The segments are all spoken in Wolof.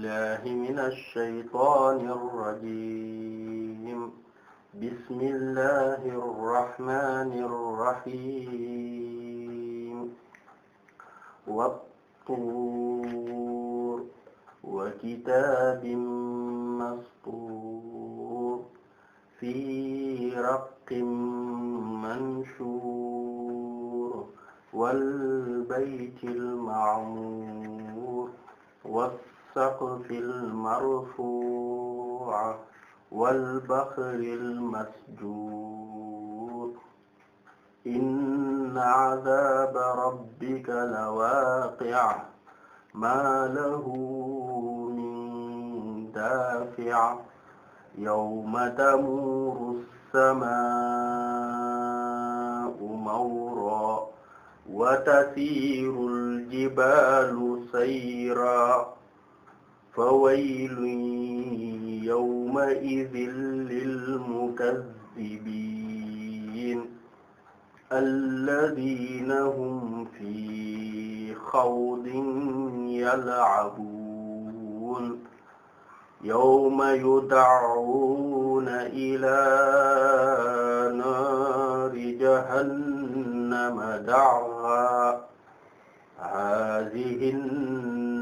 بالله من الشيطان الرجيم بسم الله الرحمن الرحيم والطور وكتاب مسطور في رق منشور والبيت المعمور والسقف المرفوع والبحر المسجور إن عذاب ربك لواقع ما له من دافع يوم تمور السماء مورا وتسير الجبال سيرا فويل يومئذ للمكذبين الذين هم في خوض يلعبون يوم يدعون إلى نار جهنم دعا هذه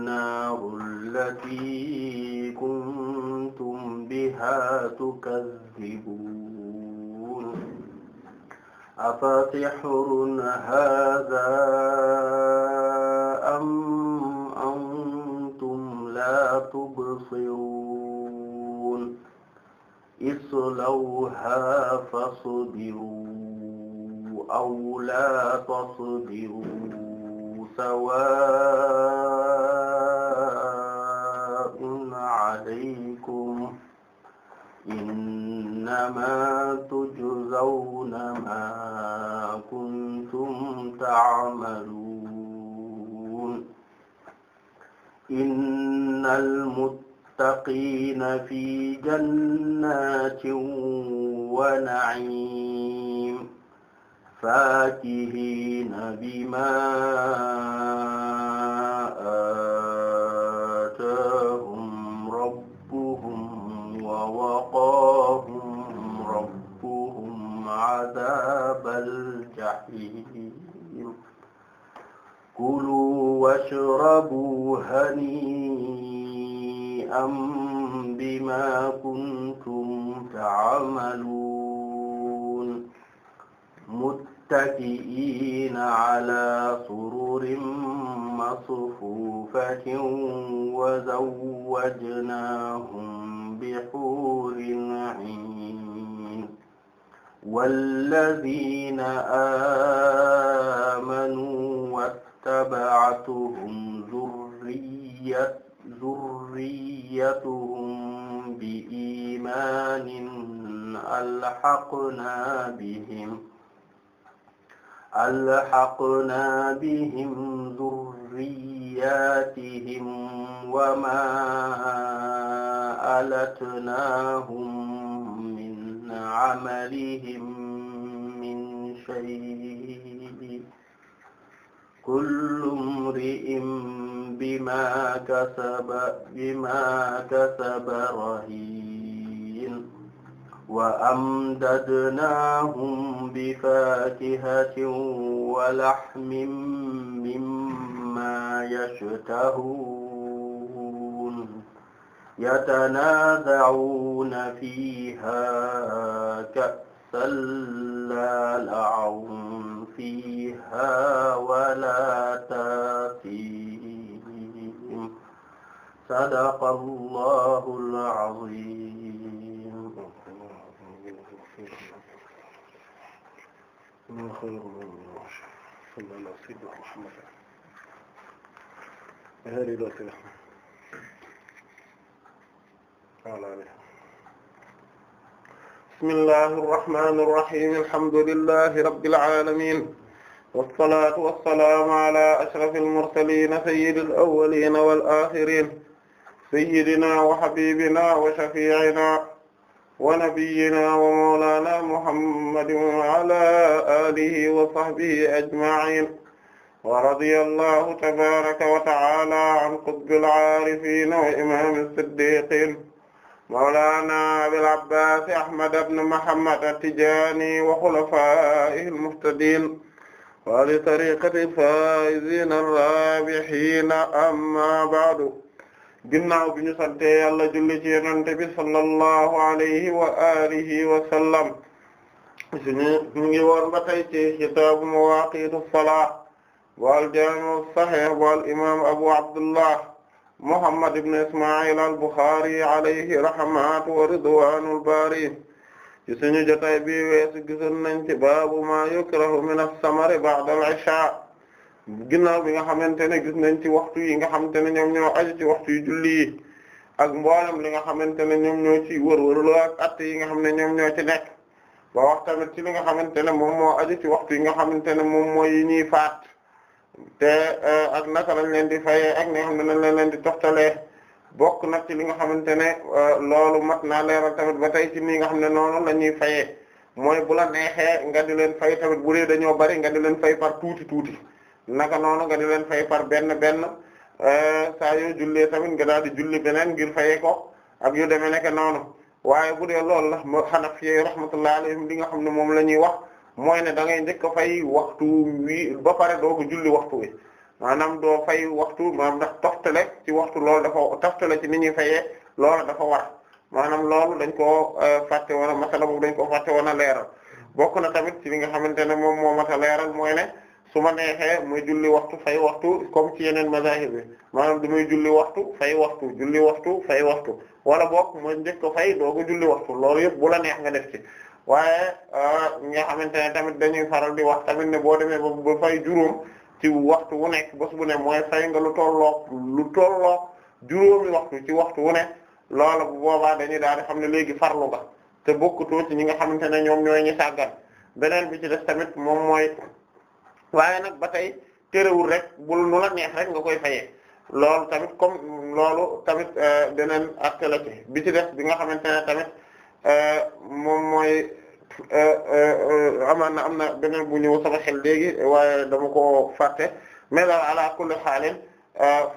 النار التي كنتم بها تكذبون أفسحر هذا أم أنتم لا تبصرون اصلوها فاصبروا أو لا تصبروا سواء عليكم إنما تجزون ما كنتم تعملون إن المتقين في جنات ونعيم فاكهين بما آتاهم ربهم ووقاهم ربهم عذاب الجحيم كلوا واشربوا هنيئا بما كنتم تعملون muttaki'iina ala sururin masfuufatin wa zawwajnaahum bi huurin 'iin wallaziina aamanuu wattaba'athum zurriyyatuhum bi iimaanin alhaqnaa bihim ألحقنا بهم ذرياتهم وما ألتناهم من عملهم من شيء كل امرئ بما كسب بما كسب رهين وأمددناهم بفاكهة ولحم مما يشتهون يتنازعون فيها كأسا لا لعهم فيها ولا تأثيم صدق الله العظيم من خلق من رشد صلى الله على سيدنا محمد أهل بيته وعلى آله بسم الله الرحمن الرحيم الحمد لله رب العالمين والصلاة والسلام على أشرف المرسلين سيد الأولين والآخرين سيدنا وحبيبنا وشفيعنا wa nabiyyina wa mawlana muhammadin wa ala alihi wa sahbihi ajma'in wa radiyallahu tabaraka wa ta'ala an qutbil aarifin wa imam as-siddiqin mawlana abil abbas ahmad ibn muhammad at-tijani wa khulafa'ihi al-muhtadin wa li tariqati al-faa'izin ar-raabihin amma ba'du ginnaaw bi ñu sante yàlla julli ci yonent bi sallallahu alayhi wa alihi wa sallam suñu ñu ngi woon ba tey ci kitaabu mawaaqiitu salaa wal jaami' sahih wal imaam abu abdullah muhammad ibn isma'il al buxaari alayhi rahmatu wa ridwaanul baari ci suñu jotaay bi weesu gisoon nañ ci baabu maa yukrahu min as-samari ba'da al-ishaa ginnaaw bi nga xamante ne gis nañ ci waxtu yi nga xamante ne ñoom ñoo aju ci waxtu yu julli yi ak mboolem li nga xamante ne ñoom ñoo ci wërwërloo ak att yi nga xam ne ñoom ñoo ci nekk ba wax tamit ci li nga xamante ne moom moo aju ci waxtu yi nga xamante ne moom mooy yi ñuy faat te eh, ak naka lañ leen di fayee ak li nga xam nañ leen di toxtalee bokk nag ci li nga xamante ne eh, loolu mat naa leeral tamit ba tey ci nii nga xam ne noonu la ñuy mooy bu la neexee nga di leen fay tamit bu da ñoo bari nga di leen fay par tuuti tuuti naka noonu nga di leen fay par benn benn euh, saa yoo jullee tamit nga daal di julli beneen ngir fayee ko ak yu demee nekk noonu waaye bu dee loolu la xanaf yi rahmatullahi alayhim li nga xam ne moom la ñuy wax mooy ne da ngay njëkk a waxtu wi ba pare doo ko julli waxtu wi maanaam doo fay waxtu maanaam ndax toftale ci waxtu loolu dafa toftale ci ni ñuy fayee loolu dafa war maanaam loolu dañ ko euh, fàtte woon a masala dañ koo fàtte woon a leeral bokk na tamit ci li nga xamante ne moom moo mat leeral mooy ne. su ma neexee muy julli waxtu fay waxtu comme ci yeneen mazahib bi maanaam damay julli waxtu fay waxtu julli waxtu fay waxtu wala boog ma njëkk ko fay dooga julli waxtu loolu yëpp bu la neex nga def ci waaye euh, nga xamante ne tamit dañuy faral di wax tamit ne boo demee ba ba fay juróom ci waxtu wu nekk bés bu ne mooy fay nga lu tolloog lu tolloog juróomi waxtu ci waxtu wu ne loolu bu boobaa dañuy daal di xam ne léegi farlu nga te bokkutoo ci ñi nga xamante ne ñoom ñooy ñi sàggan beneen bi ci def tamit moom mooy waaye nag ba tey terewul rek bul nu la neex rek nga koy fayee loolu tamit comme loolu tamit euh, beneen acte la ci bi ci def bi nga xamante ne tamit euh, moom mooy euh, amaan na am na beneen bu ñëw sama xel léegi waaye dama ko fàtte mais daal ala kulli xaalin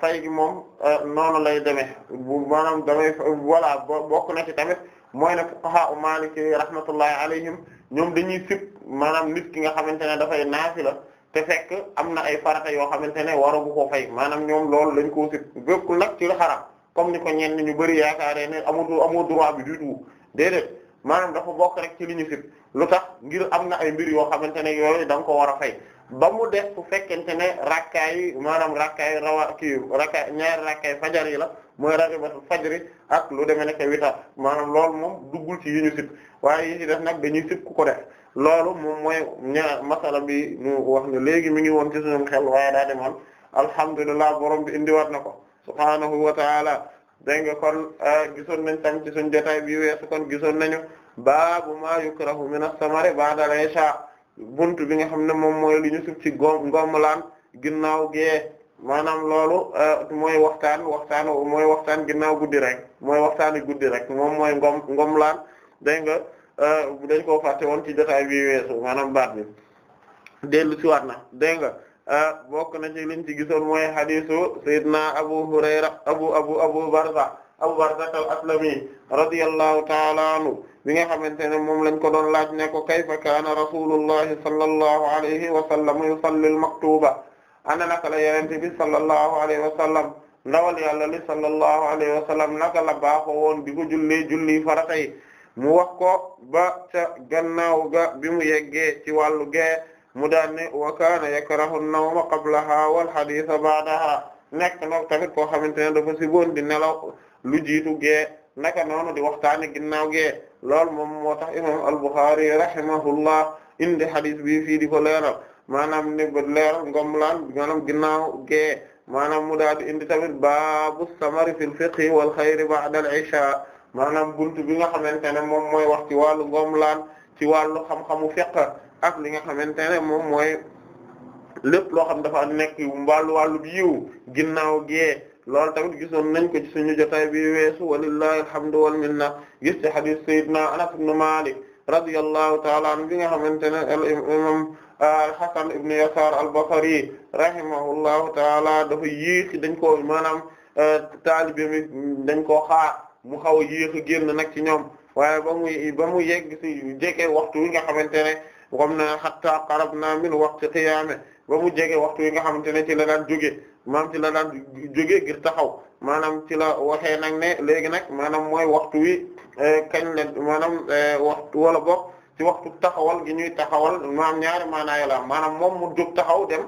fay gi noonu lay demee bu maanaam damay voilà bokk na ci tamit mooy ne fuqaha u Maliki rahmatullahi alayhim ñoom dañuy maanaam nit ki nga xamante ne dafay naafi la te fekk am na ay farata yoo xamante ne waragu ko fay maanaam ñoom loolu lañ koo sit békkul nag ci lu xaram comme ni ko ñenn ñu bari yaakaaree ne amul amoo droit bi du tout déedéet maanaam dafa bokk rek ci li ñu sit lu tax ngir am na ay mbir yoo xamante ne yooyu da ko war a fay ba mu def su fekkente ne rakkaay maanaam rakkaay rawa kii rakkaay ñaari rakkaay fajar yi la mooy ratibatul fajri ak lu demee nekk witar maanaam loolu moom duggul ci yu ñu waaye yi ci nag dañuy sib ku ko def loolu moom mooy ñaar masala bi ñu wax ne léegi mi ngi woon ci suñu xel waaye daa demoon alhamdulilah borom bi indiwaat na ko subhaanahu wa taala dégg nga kon ah, gisoon nañ tam ci suñu jotaay bi weesu kon gisoon nañu baabu maa yukrahu min na samari ba'da al-isha buntu bi nga xam ne moom mooy li ñu ci gom ngomlaan ginnaaw gee maanaam loolu euh, mooy waxtaan waxtaan mooy waxtaan ginnaaw guddi rek mooy waxtaani guddi rek moom mooy ngom ngomlaan dégg nga euh, dañ koo fàtte woon ci jotaay bi weesu maanaam baat bi dellu ci na dégg nga euh, bokk na ci liñ ci gisoon mooy hadisu sayyidina abu hurayra abu abu abu barza abu barza al aslami radiyallahu ta'ala anhu bi nga xamante ne moom lañ ko doon laaj ne ko kayfa kaana rasulullahi sallallahu alayhi wa sallam yusalli maktuba ana naka la yonent bi alayhi wa ndawal yàlla li sallallahu alayhi wa sallam naka la baaxoo di ko julli julli farata yi mu wax ko ba ca gannaaw ga bi mu yeggee ci wàllu gee mu daan ne wa kaana yakrahu an-nawma qablaha wal haditha ba'daha nekk nag tamit koo xamante ne dafa si woon di nelaw lu jiitu gee naka noonu di waxtaani ginnaaw gee loolu moom moo tax imam al-Bukhari rahimahullah indi hadith bi fii di ko leeral maanaam ne ba leer ngomlaan maanaam ginnaaw gee maanaam mu daal di indi tamit baabu samari fil fiqhi wal xayri ba'da al isha maanaam buntu bi nga xamante moom mooy wax ci wàllu ngomlaan ci wàllu xam-xamu fiqh ak li nga xamante ne moom mooy lépp loo xam dafa nekk wàllu wàllu biiw ginnaaw gee loolu tamit gisoon nañ ko ci suñu jotaay bi weesu walillahi alhamdu wal minna gis ci hadith sayyidina Anas ibn Malik radiyallahu ta'ala anhu bi nga xamante ne al-Hasan ibn Yasar al-Basri rahimahullahu taala dafa yéexi dañ ko maanaam euh, taalibe mi dañ koo xaa mu xaw a yéex a génn nag ci ñoom waaye ba ba mu yegg ci jege waxtu wi nga xamante ne comme na hatta qarabna min waqti qiyaama ba mu jege waxtu wi nga xamante ne ci la daan jóge maam ci la daan jóge ngir taxaw maanaam ci la waxee nag ne léegi nag maanaam mooy waxtu wi euh, kañ la maanaam euh, waxtu wala bokk ci waxtu taxawal gi ñuy taxawal maam ñaari maanaa yo la maanaam moom mu jóg taxaw dem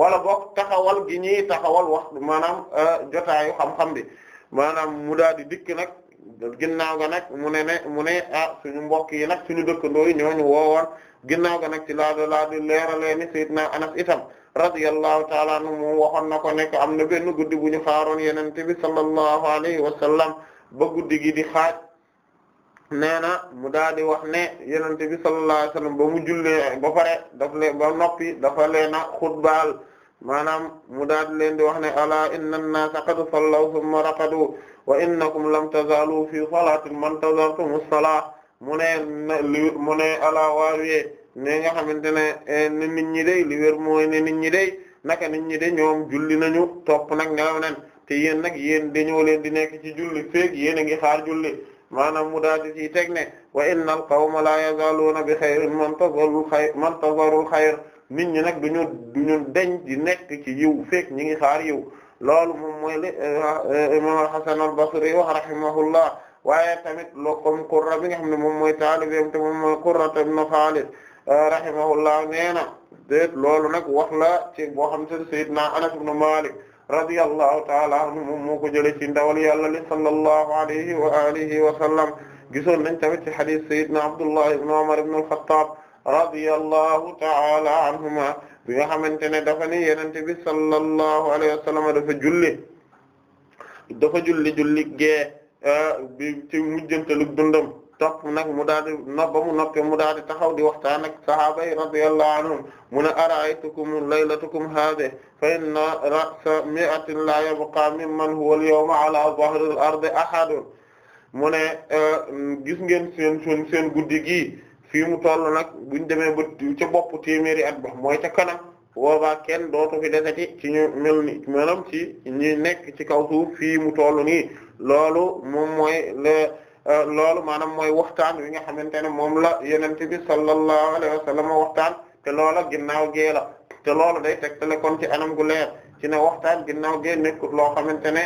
wala boog taxawal gi ñuy taxawal wax maanaam euh, jotaayu xam-xam bi maanaam mu daal di dikk nag ginnaaw ga nag mu ne ne mu ne ah suñu mbokk yi nag suñu dëkkandoo yi ñooñu woowoon ginnaaw ga nag ci laado laado leeralee ni na Anas itam radiyallahu ta'ala anhu moom waxoon na ko nekk am na benn guddi bu ñu xaaroon yenente bi sallallahu alayhi wa ba guddi gi xaaj nee na mu daal di wax ne yenente bi sallallahu alayhi ba mu jullee ba pare daf leen ba noppi dafa leen a xutbaal maanaam mu daal di leen di wax ne alaa inna an-naasa qad sallaw thumma raqadu wa innakum lam tazaalu fi salaatin man tazartum mu ne mu ne alaa waawiye ne nga xamante ne eh, ne nit ñi day li mooy ne nit ñi day naka nit ñi de ñoom julli nañu topp nag nelaw nen te yéen nag yéen dañoo leen di nekk ci julli feek yéen a ngi xaar julli maanaam mu daal di ciy teg ne wa inna al qawma la yazaluuna bi xayrin mantazarul xayr mantazarul xayr nit ñi nag duñu duñu deñ di nekk ci yiw fekk ñi ngi xaar yiw loolu moom mooy li eh, eh, imam al-Hasan al-Basri wax rahimahullah waaye tamit loo comme Qurra bi nga xam ne moom mooy taalibeem te moom mooy Qurra ibn Khalid eh, rahimahullah nee na déet loolu nag wax la ci boo xam te Sayyidina Anas ibn Malik radiyallahu taala anhu moom moo ko jëlee ci ndawal yàlla li sallallahu alayhi wa alihi wa sallam gisoon nañ tamit ci hadith sayyidina Abdullah ibn Umar ibn al-Khattab radiyallahu taala anhuma bi nga xamante ne dafa ni yenente bi sallallahu alayhi wa sallam dafa julli dafa julli julli gee eh, bi ci mujjantalug dundam topp nag mu daal di nopp ba mu noppee mu daal di taxaw di waxtaan ak sahaaba yi radiyallahu anhum mu ne ara'aytukum laylatakum haadhihi fa inna ra'sa mi'atin la yabqa mimman huwa al-yawma ala dhahri al-ardi ahadun mu ne gis ngeen seen seen guddi gii fii mu toll nag buñ demee ba ca bopp téeméeri at ba mooy ca kanam boobaa kenn dootu fi desati ci ñu mel ni maanaam ci ñi nekk ci kaw suuf fii mu toll nii loolu moom moy loolu maanaam mooy waxtaan wi nga xamante ne moom la yenente bi sallallahu alayhi wa sallam waxtaan te loola ginnaaw gee la te loolu day te kon ci anam gu leer ci ne waxtaan ginnaaw gee nekkut loo xamante ne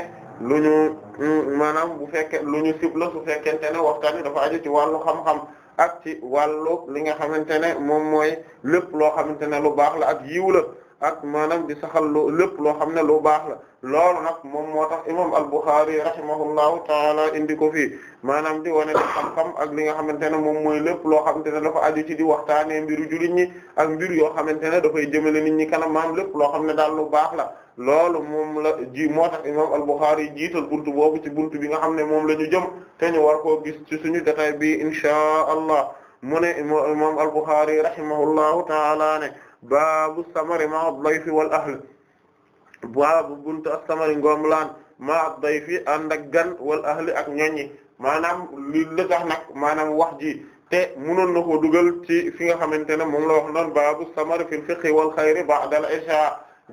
lu ñu mm, maanaam bu fekkee lu ñu sibla su fekkente ne waxtaan wi dafa aju ci wàllu xam-xam ak ci wàllu li nga xamante ne moom mooy lépp loo xamante ne lu baax la ak yiw la ak maanaam di saxal loo lépp loo xam ne lu baax la loolu nag moom moo tax imam al-Bukhari rahimahullahu taala indi ko fii maanaam di wane xam-xam ak li nga xamante ne moom mooy lépp loo xamante ne dafa aju ci di waxtaanee mbiru jullit ñi ak mbir yoo xamante ne dafay jëmale nit ñi kanam maam lépp loo xam ne daal lu baax la loolu moom la ji moo tax imam al-Bukhari jiital buntu boobu ci buntu bi nga xam ne moom la ñu jëm te ñu war koo gis ci suñu détail bi inshaa allah mu ne imam al-Bukhari rahimahullahu taala ne baabu samari ma ad-dayfi wal ahli baabu buntu as-samari ngomlaan ma bay dayfi ànd ak gan wal ahli ak ñoññi maanaam li la tax nag maanaam wax ji te munoon na koo dugal ci fi nga xamante ne moom la wax noon baabu samari fil fiqhi wal xayri ba'da al-isha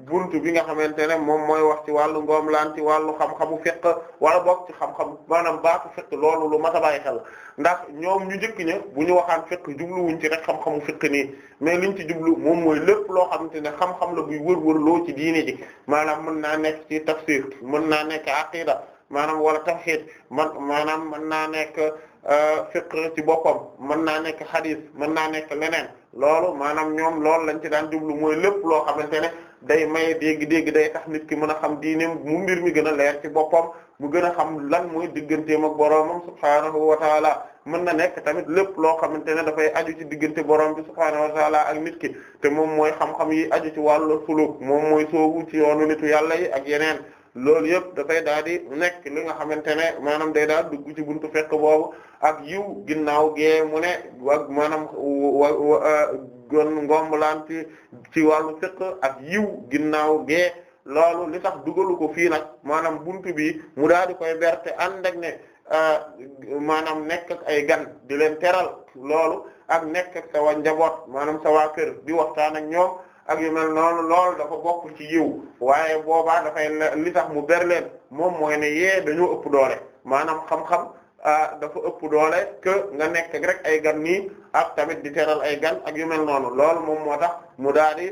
buntu bi nga xamante ne moom mooy wax ci wàllu laan ci wàllu xam-xamu fiqh wala boog ci xam-xamu maanaam baatu fiqh loolu lu mat a bàyyi xel ndax ñoom ñu njëkk ña bu ñu waxaan fiqh jubluwuñ ci rek xam-xamu fiqh nii mais liñ ci jublu moom mooy lépp loo xamante ne xam-xam la buy wër-wër loo ci diine ji maanaam mën naa nekk ci tafsir mën naa nekk aqida maanaam wala tawhid man maanaam mën naa nekk euh, fiqh ci boppam mën naa nekk hadith mën naa nekk leneen loolu maanaam ñoom loolu lañ ci daan jublu mooy lépp loo xamante ne day may dégg-dégg day tax nit ki mën a xam diineem mu mbir mi gën a leer ci boppam mu gën a xam lan mooy digganteem ak boroomam subhaanahu wa taala mën na nekk tamit lépp loo xamante ne dafay aju ci diggante borom bi subhaanahu wa taala ak nit ki te moom mooy xam-xam yi aju ci wàll suluk moom mooy soobu ci yoonu nitu yàlla yi ak yeneen loolu yëpp dafay daal di nekk li nga xamante ne maanaam day daal dugg ci buntu fekk boobu ak yiw ginnaaw gee mu ne ak maanaam euh, gon ngombalaan ci ci wàllu fiqh ak yiw ginnaaw gee loolu li tax dugalu ko fii nag maanaam buntu bi mu daal di koy berte ànd ak ne euh, maanaam nekk ay gan di leen teral loolu ak nekk ak sa njaboot maanaam sa kër di waxtaan ak ñoom ak yu mel noonu loolu dafa bokk ci yiw waaye boobaa dafay li tax mu ber moom mooy ne yee dañoo ëpp doole maanaam xam-xam ah, dafa ëpp doole que nga nekk rek ay gan nii ak tamit di teral ay gan ak yu mel noonu lool moom moo tax mu daal di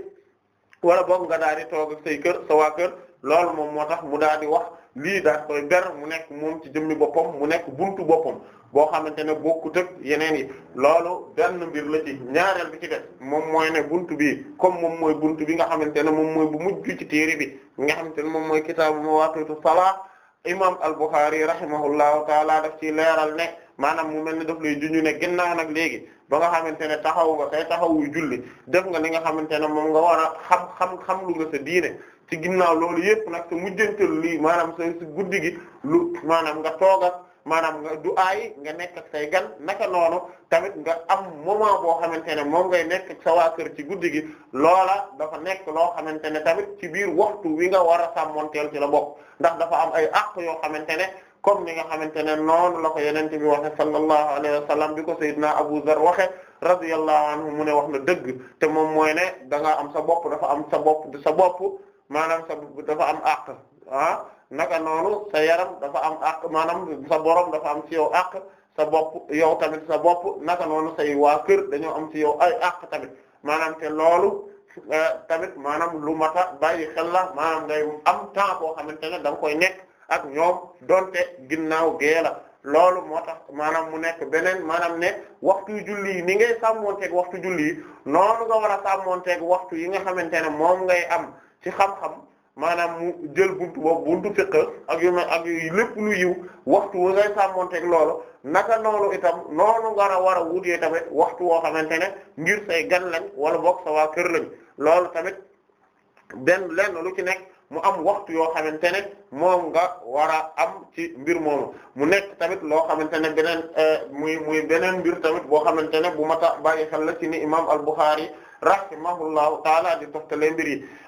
wala boog nga daal di toog ak say kër sa kër loolu moom moo tax mu daal di wax. lii daal koy ber mu nekk moom ci jëmmi boppam mu nekk buntu boppam boo xamante ne bokkut ak yeneen yi loolu benn mbir la ci ñaareel bi ci def moom mooy ne buntu bi comme moom mooy buntu bi nga xamante ne moom mooy bu mujj ci téere bi nga xamante ne moom mooy kitaabu mawaaqiitu salaa imam al-Bukhari rahimahullahu taala daf ci leeral ne maanaam mu mel ne daf lay juñu ne naa nag léegi boo nga xamante ne taxaw nga kay taxawu julli def nga li nga xamante ne moom nga war a xam xam xam lu nga sa diine ci ginnaaw loolu yëpp nag te mujjantal lii maanaam sa si guddi gi lu maanaam nga toog ak maanaam nga du aay nga nekk ak say gan naka noonu tamit nga am moment boo xamante ne moom ngay nekk sa waa kër ci guddi gi loola dafa nekk loo xamante ne tamit ci biir waxtu wi nga war a sàmmonteel ci la bopp ndax dafa am ay àq yoo xamante ne comme ni nga xamante ne noonu la ko yeneen bi waxe sallallahu alayhi wa sallam bi ko Seydina Abu Zar waxe radiyallahu anhu mu ne wax na dëgg te moom mooy ne da am sa bopp dafa am sa bopp sa bopp maanaam sa dafa am àq ah naka noonu sa yaram dafa am àq maanaam sa borom dafa am ci yow àq sa bopp yow tamit sa bopp naka noonu say waa kër dañoo am si yow ay àq tamit maanaam te loolu eh, tamit maanaam lu mata bàyyi xel la maanaam ngay am temps boo xamante ne da nga koy nekk ak ñoom donte ginnaaw gee loolu moo tax maanaam mu nekk beneen maanaam ne waxtu julli yi ni ngay sàmmonteeg waxtu julli yi noonu nga war a sàmmonteeg waxtu yi nga xamante ne moom ngay am ci xam-xam maanaam mu jël buntu boobu buntu fiqh ak yu ak lépp lu yiw waxtu wa ngay sàmmonteeg loolu naka noonu itam noonu nga a war a wutee tamit waxtu woo xamante ne ngir say gan lañ wala boog sa waa kër lañ loolu tamit benn lenn lu ci nekk mu am waxtu yoo xamante ne moom nga war a am ci mbir moomu mu nekk tamit loo xamante ne beneen euh, muy muy beneen mbir tamit boo xamante ne bu mata bàyyi xel la ci ni imam al-Bukhari rahimahullahu taala di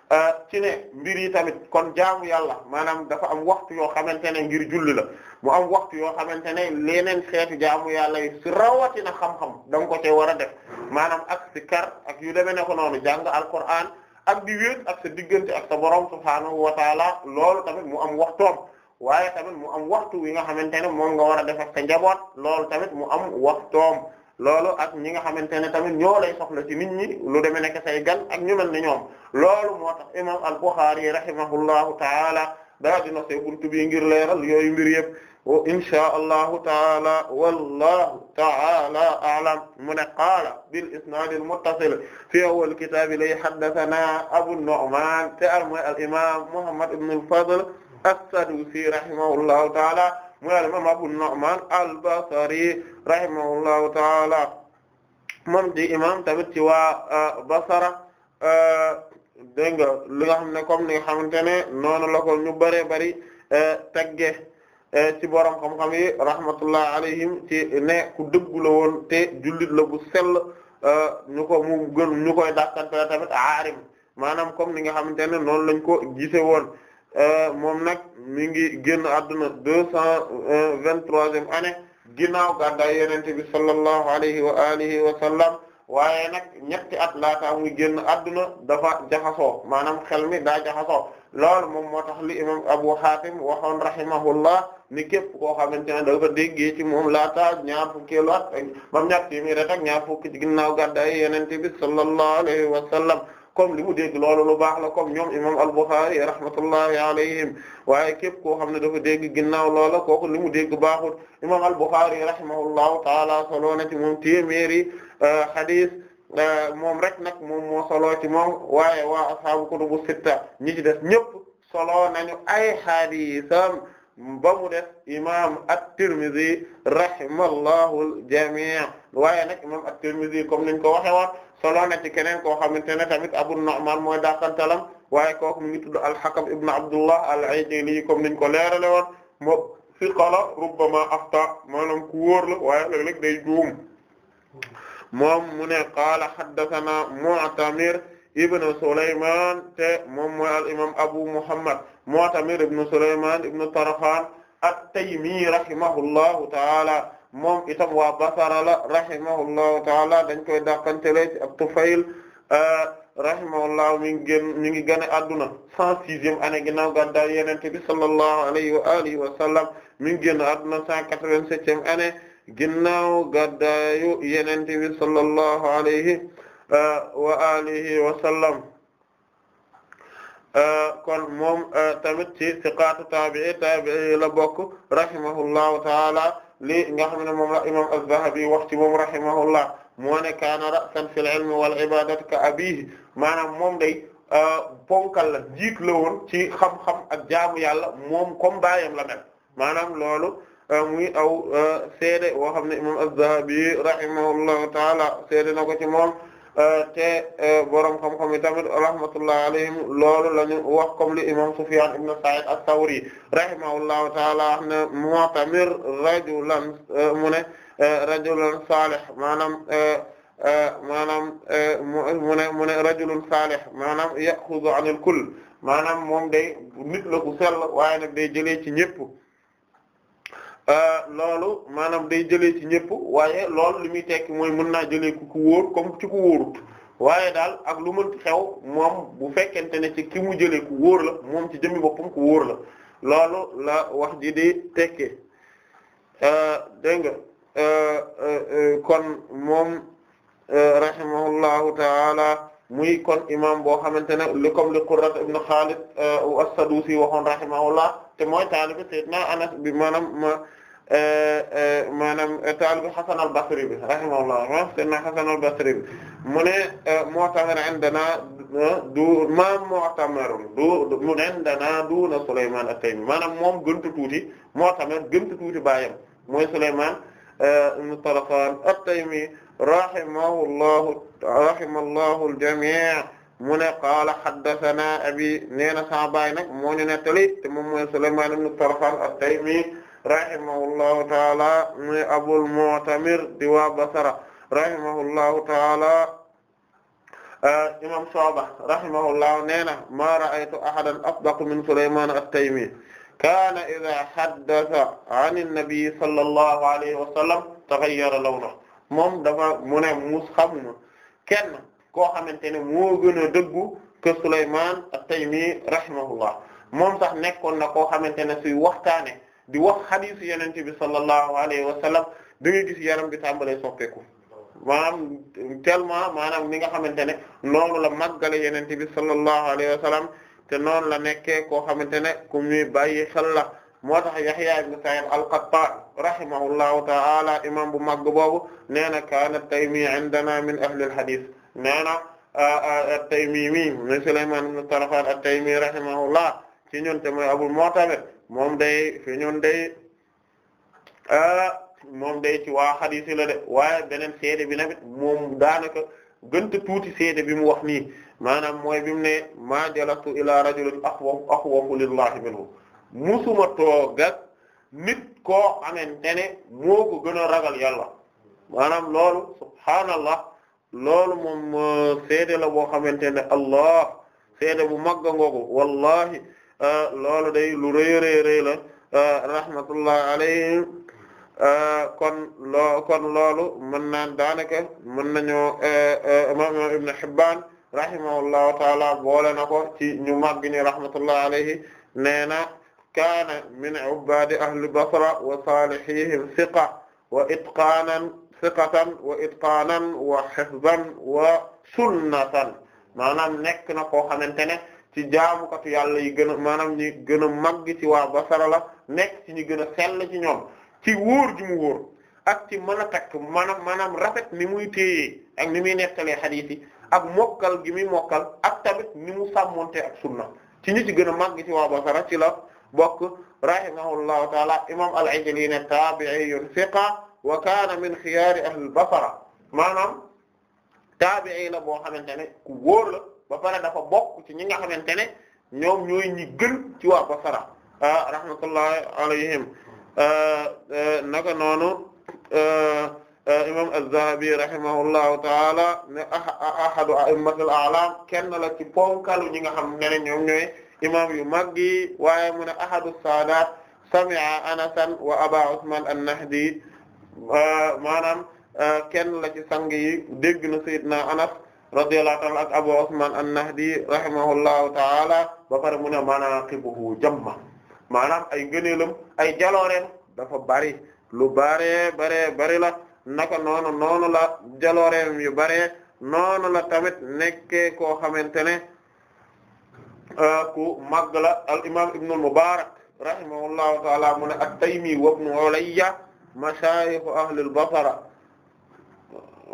Euh, ci ne mbir yi tamit kon jaamu yàlla maanaam dafa am waxtu yoo xamante ne ngir julli la mu am waxtu yoo xamante ne leneen xeetu jaamu yàlla yi si rawatina xam-xam da ko cee war a def maanaam ak si kar ak yu demee ne ko noonu jàng alquran ak di wéet ak sa diggante ak sa borom subhaanahu wa taala loolu tamit mu am waxtoom waaye tamit mu am waxtu wi nga xamante ne moom nga war a def njaboot loolu tamit mu am waxtoom loolu ak ñi nga xamante ne tamit ñoo lay soxla ci nit ñi lu demee nekk say gan ak ñu mel ni ñoom loolu moo tax imam al-Bukhari rahimahullahu taala daa dina see bi ngir leeral yooyu mbir yëpp inshaa allahu taala wallahu taala a'lam mu ne qaala bil isnaad al muttasil fi awwal kitaab lay haddathana Abu Nu'man te ar mooy al imam Muhammad al-Fadl as-Sadusi rahimahullahu mu al imam Abu Nu'man al-Basri rahimahullahu ta'ala moom di imam tamit ci waa euh, Basra euh, dégg nga li nga xam ne comme ni nga xamante ne noonu la ko ñu bëree bëri euh, tegge ci borom xam-xam yi rahmatullah alayhim ci ne ku dëggu woon te jullit la bu sell ñu ko mu gën ñu koy dàkkante tamit aarim maanaam comme ni nga xamante ne noonu lañ ko gise woon Euh, moom nag mi ngi génn adduna deux cent euh, vingt-troisième année ginnaaw gàddaay yonent bi sallallahu alayhi wa alihi wa sallam waaye nag ñetti at laataa muy génn adduna dafa jaxasoo maanaam xel mi daa jaxasoo loolu moom moo tax li imam Abu Hatim waxoon rahimahullah ni képp koo xamante ne dafa déggee ci moom laataa ñaar fukkeelu at bam ñaar téeméer ak ñaar fukki ginnaaw gàddaay yonent bi sallallahu alayhi wa sallam comme li mu dégg loolu lu baax la comme ñoom imam al-Bukhari rahmatullahi alayhim waaye képp koo xam ne dafa dégg ginnaaw loola kooku li mu dégg baaxul imam al-Bukhari rahimahullahu taala soloo na ci moom téeméeri euh, hadith euh, moom rek nag moom moo ci moom waaye waa ashaabu kutubu sitta ñi ci def ñëpp soloo nañu ay haditham ba mu def imam at-Tirmidhi rahimallahu al-jami' waaye nag imam at-Tirmidhi comme niñ ko waxe solo na ci keneen koo xamante ne tamit Abu Nu'man mooy daakantalam waaye kooku mu ngi tudd al-Hakam ibn Abdullah al-Aydili comme niñ ko leerale woon moo siqa la rubbama afta maanaam ku wóor la waaye léeg-léeg day juum moom mu ne qaala haddathana Mu'tamir ibn te moom mooy Abu Muhammad Mu'tamir ibn Sulaymaan ibn Tarxaan at-Taymi rahimahullahu ta'ala moom itam waa Basra la taala dañ koy dàqantele ci ak Tufayl euh, rahimahullah mi ngi génn ngi gane adduna cent sixième année ginnaaw gàddaay Yonent bi sallallahu alayhi wa alihi wa sallam mi ngi génn adduna quatre-vingt-septième année ginnaaw gàddaayu Yonent sallallahu alayhi euh, wa alihi wa sallam euh, kon moom tamit ci siqaatu taabi'i taabi'i la bokk rahimahullahu taala li nga xam ne moom la imam az-Zahabi wax ci moom rahimahullah moo ne kaana ra'san fil ilmi wal ibadati ka abihi maanaam moom day euh, ponkal la jiit la ci xam-xam ak jaamu yàlla moom comme baayam la mel maanaam loolu euh, muy aw euh, seede woo xam ne imam az-Zahabi rahimahullahu taala seede na ko ci moom Euh, te euh, borom xam yi tamit rahmatullah alayhim loolu la wax comme li imam Sufyan ibn Sa'id as-Sawri rahimahullahu ta'ala ne rajulan euh, mu ne rajulan salih maanaam maanaam mu ne mu ne rajulun salih maanaam ya'khudhu 'anil kull maanaam moom day nit la ku sell waaye nag day jëlee ci ñépp Euh, loolu maanaam day jëlee ci ñëpp waaye loolu li muy tekki mooy mën naa jëlee ku wóor comme ci ku wóorut waaye daal ak lu mënti xew moom bu fekkente ne ci ki mu jëlee ku wóor la moom ci jëmmi boppam ku wóor la loolu la wax ji di tekkee euh, dégg nga euh, kon moom rahimahullahu taala muy kon imam boo xamante ne li comme li Qurrat ibn Khalid as-Sadusi waxoon rahimahullah te mooy taalibe sayyidina Anas bi maanaam Eh, eh, maanaam eh, taalibu Hasan al-Basri bi rahimahullah ma ah, sayyidina Hasan al-Basri bi mu ne mu'tamir indana du ma mu'tamirun du mu indana duuna Sulaymaan at-Taymi maanaam moom gëntu tuuti mu'tamir gëntu tuuti baayam mooy Sulaymaan ibn Tarxaan at-Taymi rahimahullahu rahimallahu al-jamii' mu ne qaala haddathana abi nee na sa baay nag moo ñu nettali te moom mooy Sulaymaan ibn Tarxaan at-Taymi rahimahullahu taala muy Abul Mu'tamir di waa Basra rahimahullahu taala imam Shu'ba rahimahullahu nee na ma ra'aytu ahadan asdaq min Sulayman at-Taymi kaana idha haddatha 'an an-nabi sallallahu alayhi wa sallam taghayyara lawnuhu moom dafa mu ne mus xamuma kenn koo xamante ne moo gën a dëggu que Sulayman at-Taymi rahimahullah moom sax nekkoon na koo xamante ne suy waxtaane di wax xadiis yeneen bi sallallahu alayhi wa sallam da ngay yaram bi tàmbalee soppeeku maanaam tellement maanaam ni nga xamante ne noonu la màggale yeneen bi sallallahu alayhi wa te noonu la nekkee koo xamante ne ku muy bàyyi xel la moo tax Yahya ibn Sa'id al-Qattan rahimahullahu ta'ala imam bu màgg boobu nee na kaana Taymi indana min ahli al taymi mi Sulayman ci ñun te mooy Abul moom day fi ñun day moom day ci waa xadiis la de waaye beneen seede bi nag moom daanaka gënta tuuti seede bi mu wax nii maanaam mooy bim ne ma jalastu ila rajulin axwafu axwafu lillahi minhu musuma toog ak nit koo xamante ne moo ko gën ragal yàlla maanaam loolu subhaanallah loolu moom seede la boo xamante ne allah seede bu magga ngoogu wallahi Ah, loolu day lu rëy rëy rëy la ah, rahmatullah alayhi ah, kon loo kon loolu mën naan daanaka mën nañoo eh, eh, imam Ibn Hibban rahimahullahu taala boole na ko ci ñu màgg ñi rahmatullah alayhi nee na kaana min ubbaadi ahli basra wa salihihim thiqa wa itqaanan thiqatan wa itqaanan wa hifzan wa sunnatan maanaam nekk na koo xamante ne ci jaamukatu yàlla yi gën a maanaam ñi gën a màgg ci waa Basra la nekk ci ñi gën a sell ci ñoom ci woor ji mu wóor ak ci mën a takk maanaam maanaam rafet ni muy téye ak ni muy nettalee hadith yi ak mokkal gi muy mokkal ak tamit ni mu sàmmonte ak sunna ci ñi ci gën a màgg ci waa Basra ci la bokk rahimahullahu taala imam al-Ijli ne tabi'iyun thiqa wa kaana min xiyaari ahli Basra maanaam tabi'i la boo xamante ne ku wóor la ba pare dafa bokk ci ñi nga xamante ne ñoom ñooy ñi ci waa Basra ah, rahmatullahi alayhim ah, eh, naka noonu eh, eh, imam az-Zahabi rahimahullahu taala ne ah, ahadu a'immatul a'lam kenn la ci ponkalu ñi nga xam ne ñoom ñooy imam yu mag yi waaye mu ne ahadu saadaat sami'a anasan wa aba usman an-Nahdi maanaam kenn la ci sang yi dégg na sayyidna anas radiyallahu ta'ala ak Abu Usman an-Nahdi rahimahullahu ta'ala ba pare mu ne manaqibuhu jamma maanaam ay ngëneelam ay jalooreem dafa bari lu bare bare bari la naka noonu noonu la jalooreem yu bare noonu la tamit nekkee koo xamante ne euh, ku màgg la al imam Ibn al-Mubarak rahimahullahu ta'ala mu ne at wa Ibn Ulayya mashayikh ahli al-Basra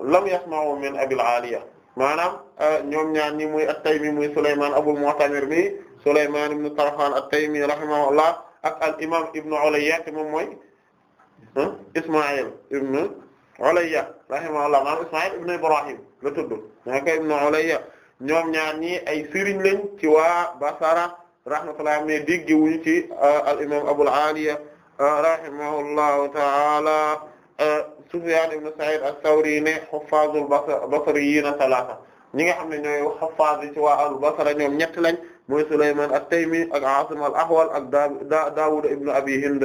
lam yasma'u min Abi al maanaam eh, ñoom ñaar ñi muy at-Taymi muy Sulaymaan Abul Mu'tamir mi Sulaymaan ibn Tarxaan at-Taymi rahimahullah ak al imaam Ibn Ulayya te moom mooy Ismaa'il ibn Ulayya rahimahullah maanaam Ismaa'il ibn Ibrahim la tudd maa ngi koy Ibn Ulayya ñoom ñaar ñi ay sëriñ lañ ci waa Basara rahmatullah mais déggi wuñu ci eh, al imaam Abul Aliya eh, rahimahullahu ta'ala. Sufyan ibn Sa'id as-Sawri ne huffazul basriyyiina salaasa ñi nga xam ne ñooy huffaz yi ci waa al Basra ñoom ñett lañ mooy Sulaymaan at-Taymi ak Aasim al-Ahwal ak Daawuud ibn Abi Hind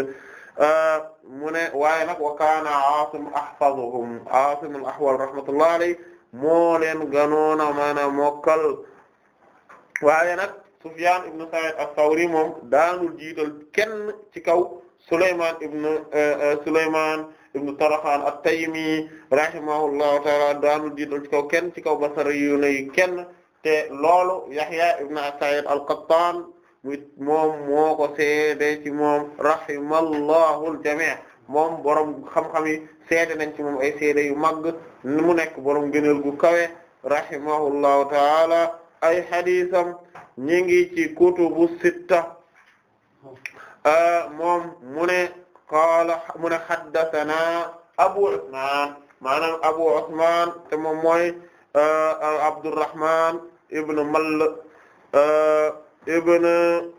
mu ne waaye nag wa kaana Aasim ahfazuhum Aasim al-Ahwal rahmatullahi alayhi moo leen ganoona maanaam mokkal waaye nag Sufyan ibn Sa'id as-Sawri moom daanul jiital kenn ci kaw Sulaymaan ibn Sulaymaan ibnu Tarxaan at-Taymi rahimahullahu ta'ala daanu jiital ci kaw kenn ci kaw basara yu ne kenn te loolu Yahya ibn Sa'id al-Qattan moom moo ko seede ci moom rahimallahu al-jami' moom borom xam-xam seede nañ ci moom ay seede yu mag mu nekk borom gëneel gu kawe rahimahullahu ta'ala ay hadisam ñi ngi ci kutubu sitta ah moom mu ne. qaala mu ne haddathana Abu Usman maanaam Abu Usman te moom mooy euh, euh, Abdurrahman euh, ibn Mall ibn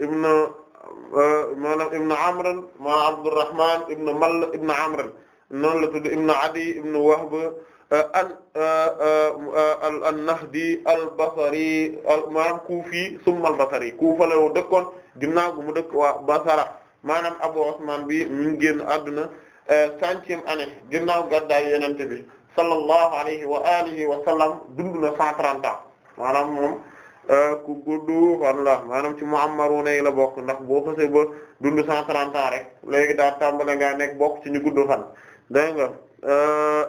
ibn maanaam ibn Amr ma Abdurrahman ibn Mall ibn Amr noonu la tudd ibn Adi ibn Wahb an-Nahdi al-Basri maanaam Kufi summa al-Basri Kufa la dëkkoon ginnaaw gu mu dëkk waa Basra maanaam Abu Usman bi mi ngi génn adduna eh, centième année ginnaaw gàddaay yenente bi sallallahu alayhi wa alihi wa sallam dund na cent trente maanaam moom eh, ku guddu fan la maanaam ci muammaruna yi la bokk ndax boo xasee ba dund cent trente rek léegi daal tàmbale ngaa nekk bokk ci ñu gudd fan dégg nga eh,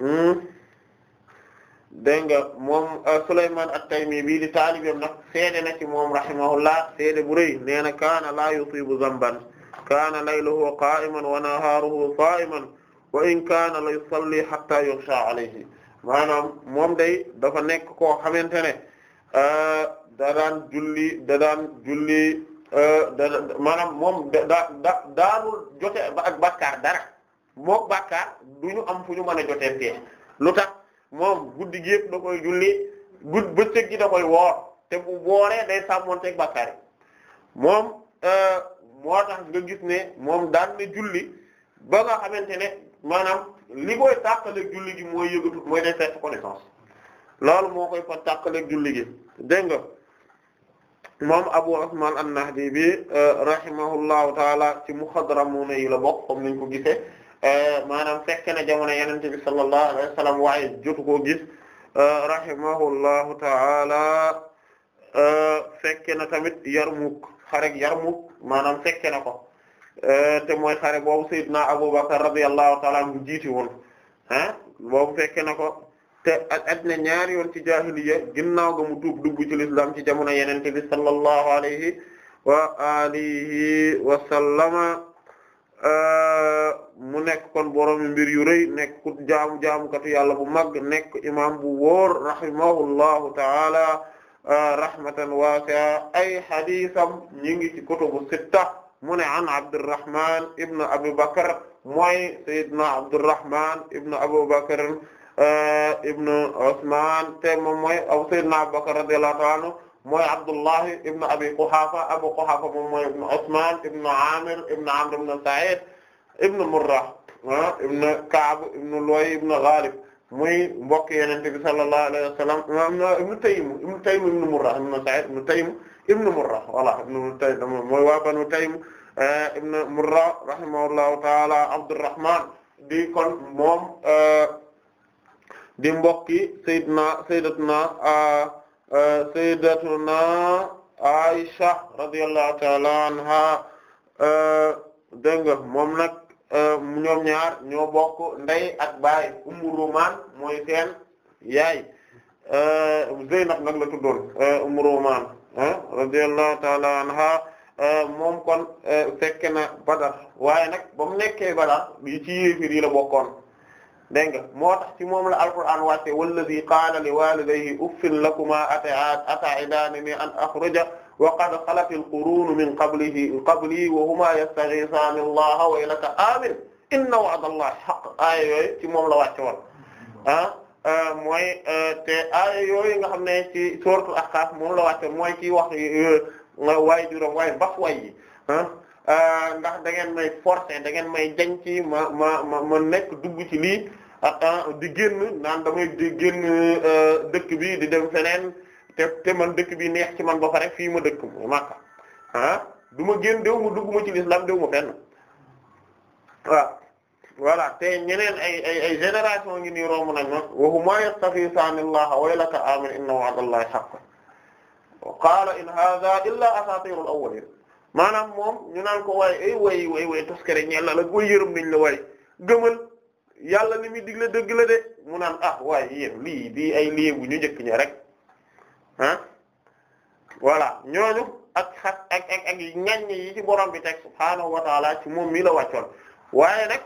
hmm. dégg nga moom euh, Sulaymaan at-Taymi bii di taalibeem nag seede na ci moom rahimahullah seede bu rëy nee na kaana laa yusiibu zamban kaana layluhu qaa'iman wa nahaaruhu saa'iman wa in kaana la yusalli hatta yughsha alayhi maanaam moom day dafa nekk ko xamante ne euh, da daan julli da daan euh, moom da da daanul jote ak bàkkaar dara mook bàkkaar du am fu ñu mën a jotee moom guddi gi yëpp da koy julli gudd bëccëg gi da koy woor te bu wooree day sàmmonteeg bàkkaar yi moom euh, moo tax nga gis ne moom daan na julli ba nga xamante ne maanaam li koy tàqaleeg julli gi mooy yëgatu mooy day perte connaissance loolu moo koy fa tàqaleeg julli gi dégg nga moom Abu Usman an-Nahdi bi euh, rahimahullahu taala ci muxadramuna yi la bokk comme niñ ko gisee Eh, maanaam fekk na jamono yonent bi sallallahu alayhi wa sallam waaye jotu koo gis eh, rahimahullahu ta'ala eh, fekk na tamit Yarmuk xarek Yarmuk maanaam fekk na ko te mooy xare boobu Seydina Abubakar radiyallahu ta'ala anhu jiiti woon ah boobu fekk na ko te ak at ñaari yoon ci jaahiliya ginnaaw ga mu tuub ci lislaam ci jamono yonent bi sallallahu alayhi wa alihi wa sallama Euh, mu nekk kon borom mbir yu rëy nekk ku jaamu jaamukatu yàlla bu mag nekk imam bu wóor rahimahullahu taala euh, rahmatan waasi'a ay xadiisam ñi ngi ci kutubu sitta mu ne an Abdurrahman ibn Abi Bakr mooy Seydina Abdurrahman ibn Abu Bakr euh, ibn Usman te moom mooy Seydina Abu Bakr radiyallahu anhu mooy Abdullahi ibn Abi Quhafa Abu Quhafa moom mooy ibn Usman ibn Amir ibn Amr ibn Sa'id ibn Murrah ah, ibn Ka'b ibn Lu'ay ibn Ghalib muy mbokk Yonent bi sallallahu alayhi wa sallam ibn Taym ibn Taym ibn Murrah ibn Sa'id ibn Taym ibn Murrah voilà ibn Taym mooy waa Banu Taym eh, ibn Murrah rahimahullahu ta'ala Abdurrahman di kon moom eh, di mbokki Sayyidina Sayyidatuna eh, sayyidatuna Aisha radiyallahu ta'ala anha e, dégg nga moom nag e, ñoom ñaar ñoo bokk ndey ak baay Ummu Rumaan mooy seen yaay e, Zeynab nag la tuddoon Ummu Rumaan moom kon fekke na Badar waaye nag ba mu nekkee Badar bi ci yéefir yi la bokkoon dégg nga moo tax ci moom la alquran wàcce wallazi qaala li walidayhi uffin lakuma ata ata'idaani ni an akhruja wa qad xalatil quruunu min qablihi qablii wa humaa yastaghiisaani allaha waylaka aamin inna wa'da allahi haqq aaya ci moom la wax woon ah euh, mooy euh, te aaya yooyu nga xam ne ci suuratul ahqaaf moom la wàcce woon mooy kii wax euh, waay juróom waaye mbaf waay yi ah ndax da ngeen may forcer da ngeen may jañ ci ma ma ma ma nekk dugg ci lii Ah, ah, di génn naan damay di génn euh, dëkk bi di dem feneen te te man dëkk bi ni ci man ba pare fii ma dëkk Makka ah du ma génn déw ma dugg ma ci l'islam déw ma fenn waaw voilà te ñeneen ay ay ay génération ngi nii romb nañ ma wahuma yastafisaanillaha waylaka amin inna wa'dallahi haqq wa qaala in hadha illa asatirul awwalin maanaam moom ñu naan ko way ay way way way toskere ñella la way yërëm nañ la way gëmal yàlla ni muy digle dëgg la de mu naan ah waaye yéen lii bi ay lii bu ñu njëkk ña rek ah voilà ñooñu ak xat ak ak ak ñaññ yi ci borom bi teg subhaanahu wa taala ci moom mii la wàccoon waaye nag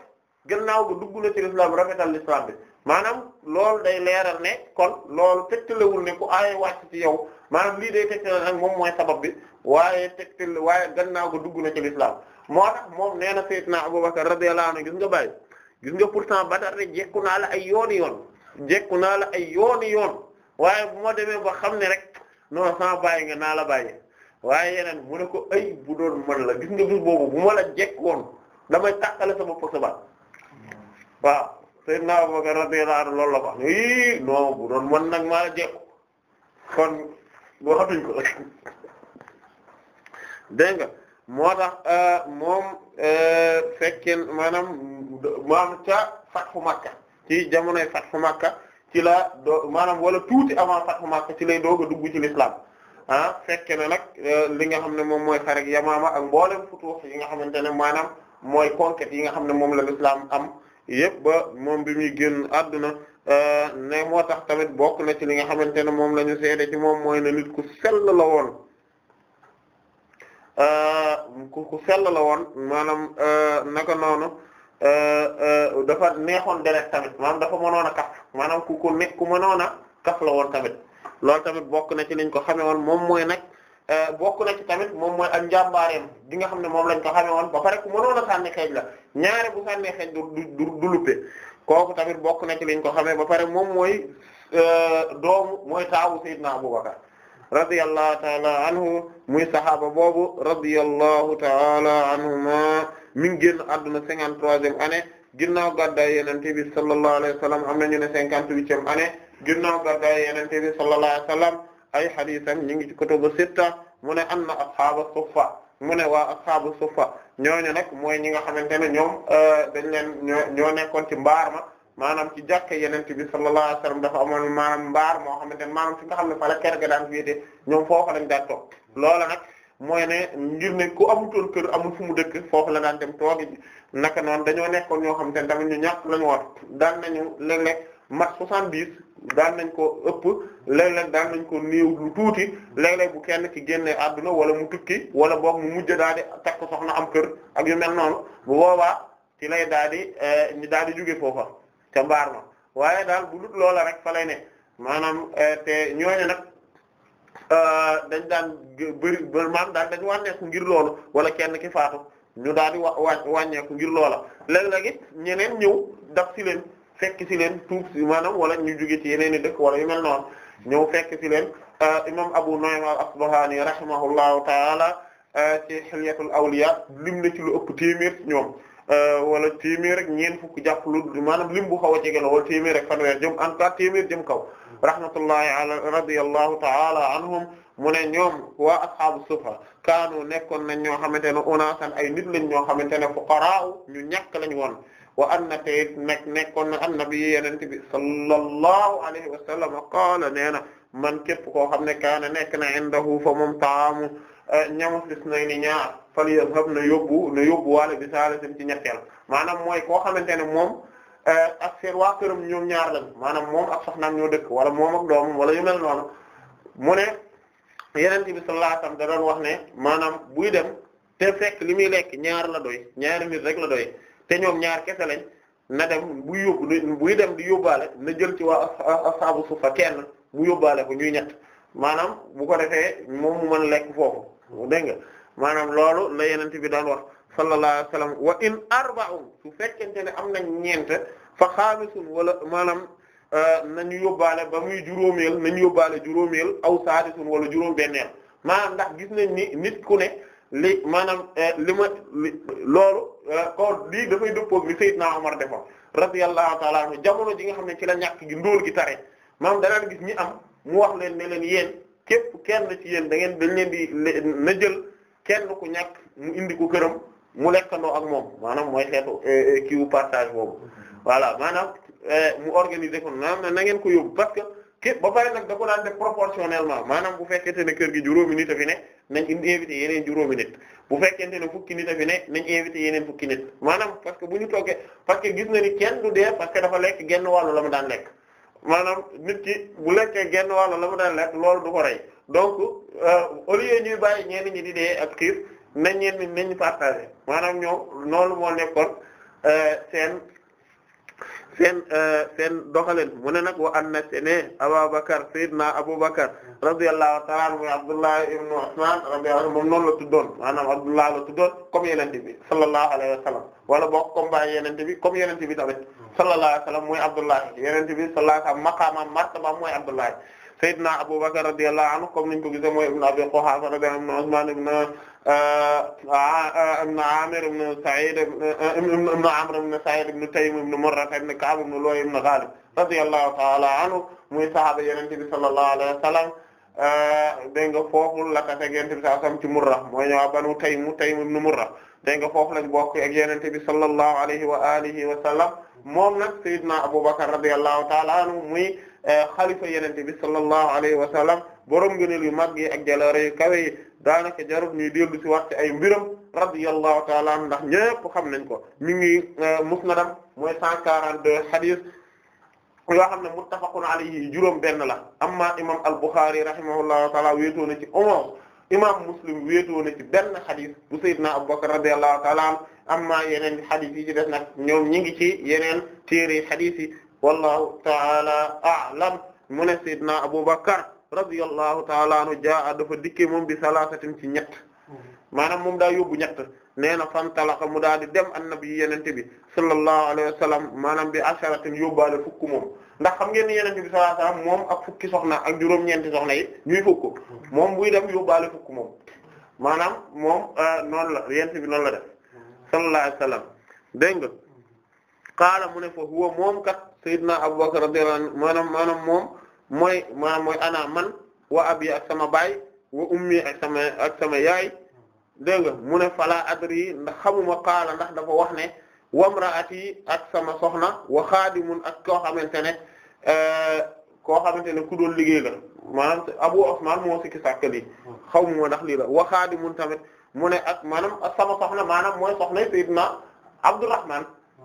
gannaaw ga dugg na ci l'islam rafetal l'islam bi maanaam loolu day leeral ne kon loolu tegtalewul ne ku aay wàcc ci yow maanaam lii day tegtale nag moom mooy sabab bi waaye tegtal waaye gannaaw ga dugg na ci l'islam moo tax moom nee na sayyidna Abubakar radiyallahu anhu gis nga bàyyi gis nga pourtant Badar rek jekku naa la ay yoon yoon jekku naa la ay yooni yoon waaye bu ma demee ba xam ne rek non sans bàyyi nga naa la bàyyi waaye yeneen mu ne ko ay bu doon mën la gis nga bis boobu bu ma la jekkoon damay tàqale sama posa ba waaw Seydina Abubakar radiyallahu anhu loolu la ko i non bu doon mën nag maa la jekku kon waxatuñ moo tax euh, moom euh, fekkeen maanaam maam ca fatxu Makka ci jamonoy fatxu Makka ci la doo maanaam wala tuuti avant fatxu Makka ci lay doog a dugg ci l'islam ah fekke na nag euh, li nga xam ne moom mooy xarek Yamaama ak mboolem futuux yi nga xamante ne maanaam mooy conquête yi nga xam ne moom la l'islam am yëpp ba moom bi muy génn àdduna ne moo tax tamit bokk na ci li nga xamante ne moom la ñu seede ci moom mooy ne nit ku sell la woon ku ku sell la woon maanaam euh, naka noonu euh, euh, dafa neexoon deret tamit maam dafa mënoon a kaf maanaam ku ku ne ku mënoon a kaf la woon tamit loolu tamit bokk na ci liñ ko xamee woon moom mooy nag bokk na ci tamit moom mooy ak njàmbaareem bi nga xam ne moom lañ ko xamee woon ba pare ku mënoon a sànni xeej la ñaare bu sànni xeej du du du luppe kooku tamit bokk na ci liñ ko xamee ba pare moom mooy doomu mooy taawu Seydina Abubakar radiyallahu taala anhu muy sahaaba boobu radiyallahu taala anhuma mi ngi génn adduna cinquante-troisième année ginnaaw gàddaay Yonent bi sallallahu alayhi wa sallam am nañu ne cinquante-huitième année ginnaaw gàddaay Yonent bi sallallahu alayhi wa sallam ay hadiisam ñu ngi ci kutubu sitta mu ne am na ashaaba suffa mu ne waa ashaaba suffa ñooñu nag mooy ñi nga xamante ne ñoom euh, dañ leen ñoo ci mbaar ma maanaam ci jàkka yenente bi sallallahu alayhi wasallam dafa amoon maanaam mbaar moo xamante ne maanaam fi nga xam ne fa la kër ga daan féete ñoom foofu lañ daan toog loola nag mooy ne ngir ne ku amutoon kër amul fu mu dëkk foofu la daan dem toogi naka noonu dañoo nekkoon ñoo xamante ne tamit ñu ñàkk lañu woon daal nañu léeg-léeg mat soixante-dix daal nañ ko ëpp léeg-léeg daan nañ ko néew lu tuuti léeg-léeg bu kenn ki génnee àdduna wala mu tukki wala boog mu mujj daal di takk soxna am kër ak yu mel noonu bu boobaa daal di eh, ñu daal di jóge foofa ca mbaar ma waaye daal bu dut loola rek fa lay ne maanaam eh, te ñooñu nag eh, dañ daan bëri maanaam daal dañ wàññeeku ngir loolu wala kenn ki faatu ñu daal di wa wàññeeku ngir loola léeg-léeg ñeneen ñëw daf si leen fekk si leen tuub si maanaam wala ñu jóge ci yeneen i dëkk wala yu mel noonu ñëw fekk si leen eh, imam Abu Nu'aym al-Asbahani rahimahullahu taala ci Hilyatul Awliya lim na ci lu ëpp téeméer ñoom Euh, wala téeméer rek ñeent fukk jàpp lu maanaam lim bu xaw a jege la wala téeméer rek fanweer jëm en tout cas téeméer kaw rahmatullahi ala radiyallahu ta'ala anhum mu ne ñoom waa ashaabu sufa kaanu nekkoon nañ ñoo xamante ne unaasan ay nit lañ ñoo xamante ne fuqaraa ñu ñàkk lañ woon wa anna tey nekk nekkoon na annabi yeneen bi sallallahu alayhi wa sallam qaala nee na man képp koo xam ne kaana nekk na indahu fa moom taamu ñamus des na ni ñaar fal yadhab na yóbbu na yóbbu waale bi saalisim ci ñetteel maanaam mooy koo xamante ne moom eh, ak seen waa këram ñoom ñaar lañ maanaam moom ak soxnaam ñoo dëkk wala moom ak doomam wala yu mel noonu mu ne yeneen bi sallallahu alayhi wax ne maanaam buy dem te li muy lekk ñaar la doy ñaari nit rek la doy te ñoom ñaar kese lañ na buy buy dem di yóbbaale na jël ci waa ashabu sufa mu yóbbaale ko ñuy ñett maanaam bu ko defee moom mu mën lekk foofu. dégg nga maanaam loolu la yenente bi daan wax sallallahu wa sallam wa in arba'un su fekkente ne am nañ ñeent fa xaamisun wala maanaam euh, nañu yóbbaale ba muy juróomeel nañu yóbbaale juróomeel aw saadisun wala juróom benneel maanaam ndax gis nañ ni nit ku ne li maanaam euh, li ma loolu euh, ko lii dafay dëppoog li Seydina Omar defa radiyallahu ta'ala anhu jamono ji nga xam ne ci la ñàkk gi ndóol gi tare maanaam danaan gis ñi am mu wax leen ne leen yéen képp kenn ci yéen da ngeen dañ leen di na jël kenn ku ñàkk mu indi ko këram mu lekkandoo ak moom maanaam mooy xeetu eh, eh, kiiwu partage boobu voilà maanaam eh, mu organiser ko maanaam na ko yóbbu parce que képp ba pare nag da ko daan def proportionnellement maanaam bu fekkente ne kër gi juróomi nit a fi ne nañ indi invité yeneen juróomi nit bu fekkente ne fukki nit a fi ne nañ invité yeneen fukki nit maanaam parce que bu ñu toggee parce que gis na ni kenn du dee parce que dafa lekk genn wàllu la mu maanaam nit ki bu lekkee genn wàll la mu daan lekk loolu du ko rey donc euh, au lieu ñuy bàyyi ñeen ñi di dee ak xiif nañ ñenn nañ partagé maanaam ñoom noonu moo nekkoon euh, seen seen euh, seen doxalin mu ne nag wa anna sene Abubakar sayyidina Abubakar radiyallahu ta'ala anhu Abdullah ibn Usman radiyallahu anhu moom noonu la tuddoon maanaam Abdullah la tuddoon comme Yonent bi sallallahu alayhi wa sallam wala boog comme baay Yonent bi comme Yonent bi tamit sallallahu alayhi wa sallam mooy Abdullah Yonent bi sallallahu alayhi wa sallam maqaamam martabaam mooy Abdullah sayyidina Abubakar radiyallahu anhu comme niñ ko gisee mooy ibn Abi Quhafa radiyallahu anhu Usman ibn ibn Amir ibn Sa'id ibn Amr ibn Sa'id ibn Taym ibn Murra ibn Ka'b ibn Lu'ay ibn Ghalib radiyallahu ta'ala anhu muy sahaaba Yonent bi sallallahu alayhi wa sallam dégg nga foofu la ko teg Yonent bi sallallahu alayhi wa sallam ci Murra mooy ñëw Banu Taym Taym ibn Murra dégg nga foofu lañ bokk ak Yonent bi sallallahu alayhi wa alihi wa sallam moom nag Sayyidina Abubakar radiyallahu ta'ala anhu muy xalifa yenente bi sallallahu alayhi wa sallam borom ngëneel yu mag yi ak jaloore yu kawe yi daanaka jarut ñuy dellu ci wax ay mbiram radiyallahu ta'ala ndax ñépp xam nañ ko mi ngi euh, musnadam mooy 142 hadith yoo xam ne muttafaqun alayhi juróom benn la amma imam al-Bukhari rahimahullahu ta'ala wéetoo na ci omo imam Muslim wéetoo na ci benn hadith bu sayyidina Abu Bakr radiyallahu ta'ala amma yeneen hadith yi ci des nag ñoom ñi ngi ci yeneen téere hadith yi wallahu taala a'lam mu ne Seydina Aboubacar radiyallahu taala anhu jaa dafa dikkee moom bi salaasatin ci ñett maanaam moom daa yóbbu ñett nee na fantalaka mu daal di dem annabi yenente bi sallallahu alayhi wa sallam maanaam bi asharatin yóbbaale fukk moom ndax xam ngeen ni yenente bi sallallahu alayhi wa moom ak fukki soxna ak juróom-ñeenti soxna yi ñuy fukk moom buy dem yóbbaale fukk moom maanaam moom euh, noonu la yenente bi noonu la def sallallahu alayhi wa sallam dégg nga qaala mu fa huwa moom kat Seydina Abubakar radiyallahu anhu maanaam moom mooy maanaam mooy ana man wa abi ak sama baay wa ummi ak sama yaay dégg nga mu ne adri ndax xamuma qaala ndax dafa wax ne wamraati ak sama soxna wa xaadimun ak koo xamante ne euh, koo xamante ne ku doon liggéey la maanaam Abu Usman moo sikki sàkkali ndax lii wa xaadimun tamit mu ne ak maanaam ak sama soxna maanaam Abdurrahman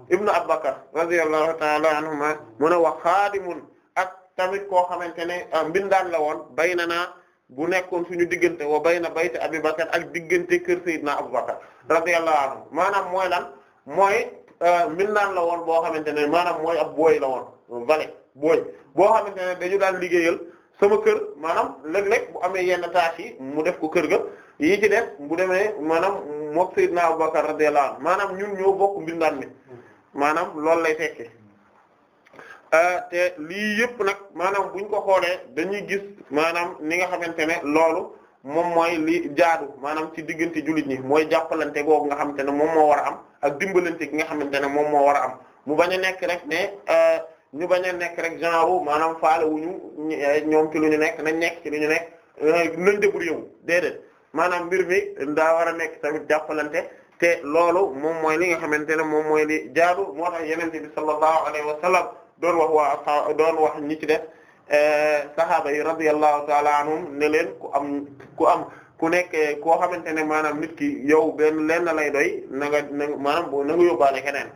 ibnu Abubakar radiyallahu ta'ala anhuma mun a wax xaadimun ak tamit koo xamante ne euh, mbindaan la woon bayna naa bu nekkoon suñu diggante wa bayna bayti Abi Bakar ak diggante kër Seydina Abubakar radiyallahu anhu maanaam mooy lan mooy euh, mbindaan la woon boo xamante ne maanaam mooy ab booy la woon vale booy boo xamante ne dañu daan liggéeyal sama kër maanaam léeg-léeg bu amee yenn tâches mu def ko kër ga yi ci def bu demee maanaam mook Seydina Abubakar radiyallahu anhu maanaam ñun ñoo bokk mbindaan mi maanaam loolu lay tekki euh, lii yëpp nag maanaam buñ ko xoolee dañuy gis maanaam ni nga xamante ne loolu moom mooy li jaadu maanaam ci diggante jullit ñi mooy jàppalante googu nga xamante ne moom moo war a am ak dimbalante gi nga xamante ne moom moo war a am mu bañ a nekk rek ne euh, ñu bañ a nekk rek genre maanaam faale wu ñu nekk nañ nekk ci lu ñu yow euh, déedéet maanaam mbir mi daa war a nekk tamit jàppalante. te loolu moom mooy li nga xamante ne moom mooy li jaadu moo tax yenente bi sallallahu alayhi wa sallam doon wax waa asxaab doon wax ñi ci def eh, sahaaba yi radiyallahu taala anhum ne leen ku am ku am ku nekk koo xamante ne maanaam nit ki yow benn leen lay doy na nga na maanaam bo na nga yóbbaale keneen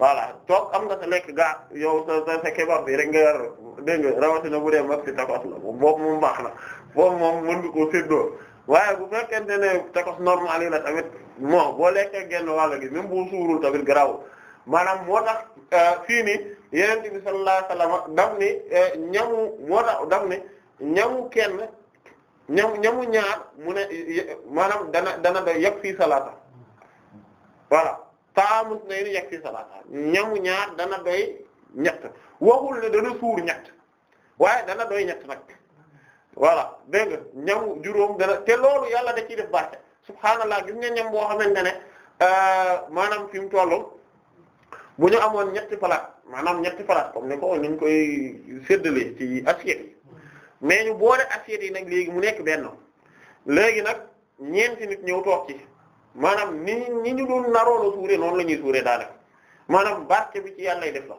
voilà toog am nga sa lekk gaa yow sa sa bi rek nga yor dégg nga rawatina bu dee marché tapas la boobu moom baax na boobu moom mën nga koo séddoo waaye bu fekkente ne takos normal yi la tamit moo boo lekkee genn wàll gi même bu suurul tamit garaawul maanaam moo tax euh, fii nii yonent bi sallallahu alayhi wa daf ni euh, ñamu moo tax daf ni ñamu kenn ñamu ñamu ñaar mu ne maanaam dana dana da yegg fii salaata voilà taamu nay ni yegg fii salaata ñamu ñaar dana doy ñett waxul ne dana suur ñett waaye dana doy ñett nag voilà dégg nga ñam juróom dana te loolu yàlla da ciy def barke subhaanallah gis nga ñam boo xamante ne euh, maanaam fi mu toll bu ñu amoon ñetti palaat maanaam ñetti palaat comme ni ko ni koy séddale ci assiette yi mais ñu boole assiette yi nag léegi mu nekk benn léegi nag ñeenti nit ñëw toog ci maanaam ni ñi ñu doon naroon a suuree noonu la ñuy suuree daanaka maanaam barke bi ci yàlla lay def la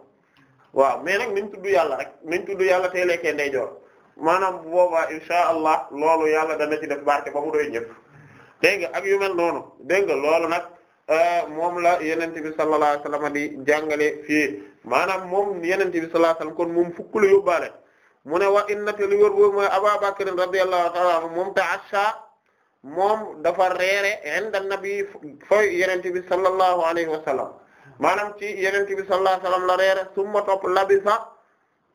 waaw mais nag ñu tudd yàlla rek nañ tudd yàlla tey lekkee ndeyjoor maanaam bu boobaa insha allah loolu yàlla dana ci def barke ba mu doy ñëpp dégg nga ak yu mel noonu dégg nga loolu nag euh, moom la yenen bi sallallahu alayhi wasallam di jàngale fii maanaam moom yenente bi sallallahu alayhi wasallam kon moom fukk la yóbbaale mu ne wa innaka li wër boobu mooy Abu Bakr radiyallahu ta'ala anhu moom ta'asha moom dafa reere inda nabi fooy yenente bi sallallahu alayhi wasallam maanaam ci yenente bi sallallahu alayhi wasallam la reere summa topp labisa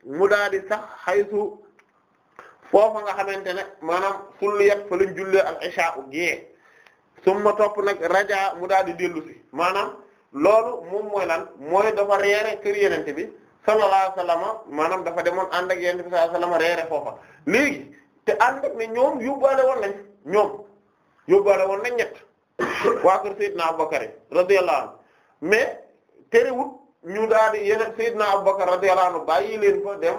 mu daadi sax haythu foofa nga xamante ne maanaam fulliyat fa lañ jullee ak isha u gée summa topp nag raja mu daal di dellu si maanaam loolu moom mooy lan mooy dafa reere kër yenente bi sallallahu alayhi wasallam maanaam dafa demoon ànd ak yenente bi sallallahu alayhi wasallam reere foofa léegi te ànd ak ne ñoom yóbbaale woon nañ ñoom yóbbaale woon nañ ñett waa kër Seydina Abubakar radiyallahu anhu mais terewul ñu daal di yeneen Seydina Abubakar radiyallahu baa bàyyi leen fa dem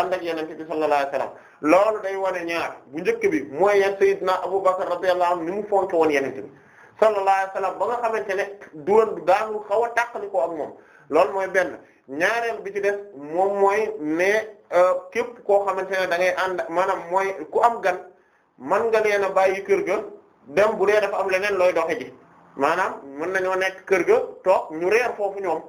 ànd ak yeneen bi sallallahu alayhi wasallam loolu day wane ñaar bu njëkk bi mooy yenn Seydina Abubakar radiyallahu anhu ni mu fonk woon yeneen bi sallallahu alayhi wasallam ba nga xamante ne doon daanu xaw a tàqali ko ak moom loolu mooy benn ñaareel bi ci def moom mooy ne euh, képp koo xamante ne da ngay ànd maanaam mooy ku am gan mën nga leen a yi kër ga dem bu dee dafa am leneen looy doxe ji maanaam mën nañoo nekk kër ga ñu reer foofu ñoom.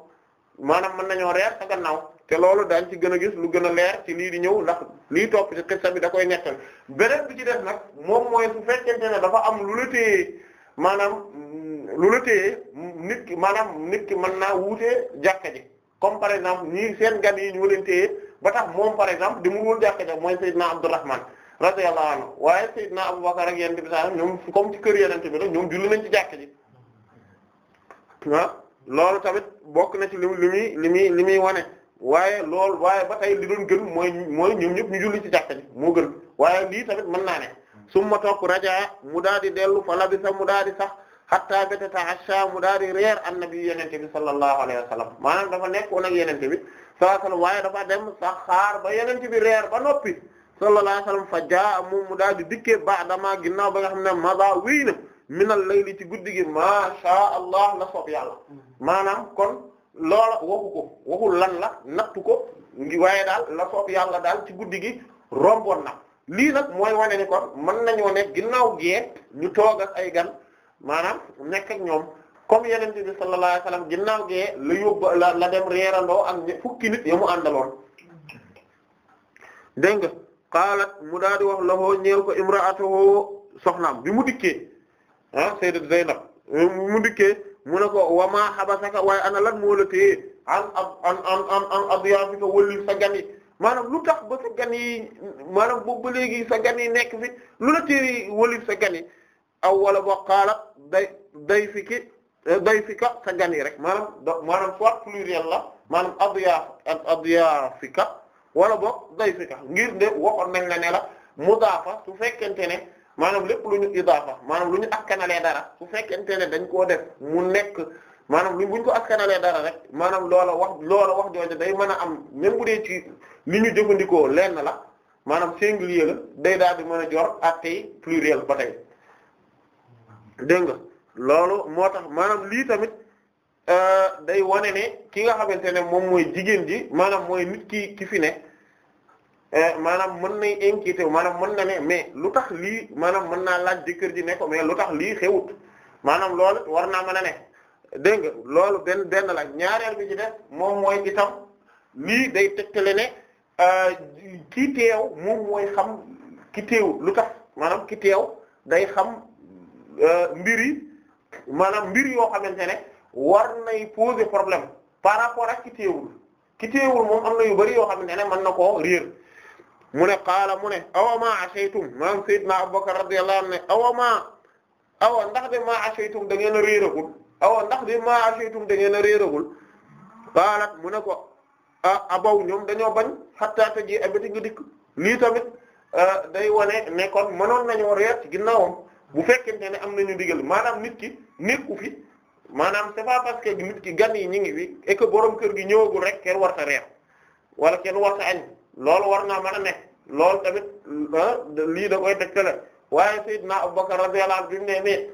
maanaam mën nañoo reer a gannaaw te loolu daañ ci gën a gis lu gën a leer ci lii di ñëw ndax lii topp ci xissa bi da koy nekkal beneen bi ci def nag moom mooy su fekkente dafa am lu la téye maanaam lu la téye nit ki maanaam nit ki mën naa wuutee jàkka ji par exemple ñii seen gan yi ñoo leen téye ba tax moom par exemple di mu woon jàkka ja mooy Seydina Abdourahman radiyallahu anhu waaye Seydina Aboubacar ak yent bi sa ñoom comme ci kër yenente bi la ñoom julli nañ ci jàkka ji loolu tamit bokk na ci li li muy li muy li muy wane waaye loolu waaye ba tey li doon gën mooy mooy ñoom ñëpp ñu julli ci jàkka ji moo gën waaye lii tamit mën naa ne su ma toog rajaa mu daal di dellu fa labisa mu daal di sax hatta ta ta'asha mu daal di reer annabi yenente bi sallallahu alayhi wa sallam maanaam dafa nekkoon ak yenente bi sallallahu alayhi wa sallam waaye dafa dem sax xaar ba yenente bi reer ba noppi sallallahu alayhi wa sallam fa jaa moom mu daal di dikkee ba'dama ginnaaw ba nga xam ne mada wii na na layli ci guddi gi maasha allah na soob yàlla maanaam kon loola waxu ko waxul lan la nattu ko waaye daal la soob yàlla daal ci guddi gi romboon na lii nag mooy wane ni kon mën nañoo nekk ginnaaw gee ñu toog ay gan maanaam nekk ak kom yeneen yenente bi sallallahu alayhi wasallam ginnaaw gee la yóbbu la dem reerandoo ak mu daal di wax la ñeew ko imra'atuhu soxnaam bi mu dikkee ah sayyidat Zaynab eh, mu dikkee mu ne ko wa maa habasaka waaye ana lan moo la téye an an an an an adyafika maanaam lu tax ba sa gan yi maanaam boobu nekk fi lu la téye wëllu sa aw wala ba qaala day day fiki eh, day rek maanaam maanaam soit pluriel la maanaam adyaf wala boog day fika ngir de waxoon nañ la ne la mudaafa su fekkente ne. maanaam lépp lu ñu idaafa maanaam lu ñu askanalee dara su fekkente ne dañ koo def mu nekk maanaam lu buñ ko askanalee dara rek maanaam loola wax loola wax jooju day mën a am même bu dee ci li ñu jëfandikoo lenn la maanaam singulier la day daal di mën a jor ak tey pluriel ba tey dégg nga loolu moo tax maanaam lii tamit euh, day wane ne ki nga xamante ne moom mooy jigéen ji maanaam mooy nit ki ki fi ne. Eh, maanaam mën nay inquiété maanaam mën na ne mais lu tax lii maanaam mën naa laaj jëkkër ji ne ko mais lu tax lii xewut maanaam loolu war naa mën a ne dégg nga loolu benn benn la ñaareel bi ci def moom mooy itam lii day tegtale ne euh, ki teew moom mooy xam ki teew lu tax maanaam ki teew day xam euh, mbir yi maanaam mbir yoo xamante ne war nay poser problème par rapport ak ki teewul ki teewul moom am na yu bari yoo xamante ne mën na koo riir mu ne kaala mu ne awama asaytum maanaam sayyidna Abubakar radiyallahu anhu ne awama awa ndax de ma asaytum da ngeen a réeragul awa ndax de ma asaytum da a réeragul qaalat mu ne ko ah abaw ñoom dañoo bañ hatta ta ji abati nga dikk lii tamit day wane nekkoon kon mënoon nañoo reer ci ginnaawam bu fekkente ne am nañu digal maanaam nit ki nekku fi maanaam c'est pas parce que nit ki gan yi ñu ngi fi et borom kër gi ñëwagul rek ken war ta reer wala kenn war añ loolu war naa mën a loolu tamit ah, lii da koy dëkkale waaye Seydina Abubakar radiyallahu anhu bi ne mais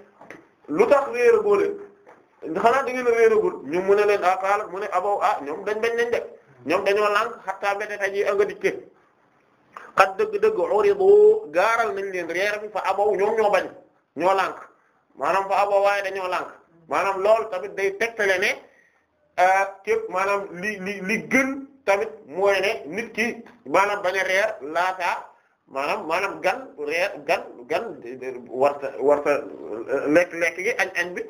lu tax réeragoo leen xanaa da ngeen a réeragul ñu mu ne leen ah xaaral mu ne abaw ah, a ah, ñoom dañ bañ nañ ñoom dañoo lànk xattaa mbete ta ji anga dikke xat dëgg-dëgg urido gaaral nañ leen reer bi fa abaw ñoom ñoo bañ ñoo lànk maanaam fa abaw waaye dañoo lànk maanaam loolu tamit day tegtale ne képp maanaam li li li gën tamit mooy ne nit ki maanaam bañ a reer laataa maanaam maanaam gan reer gan gan warta warta euh, lekk lekk gi añ añ bi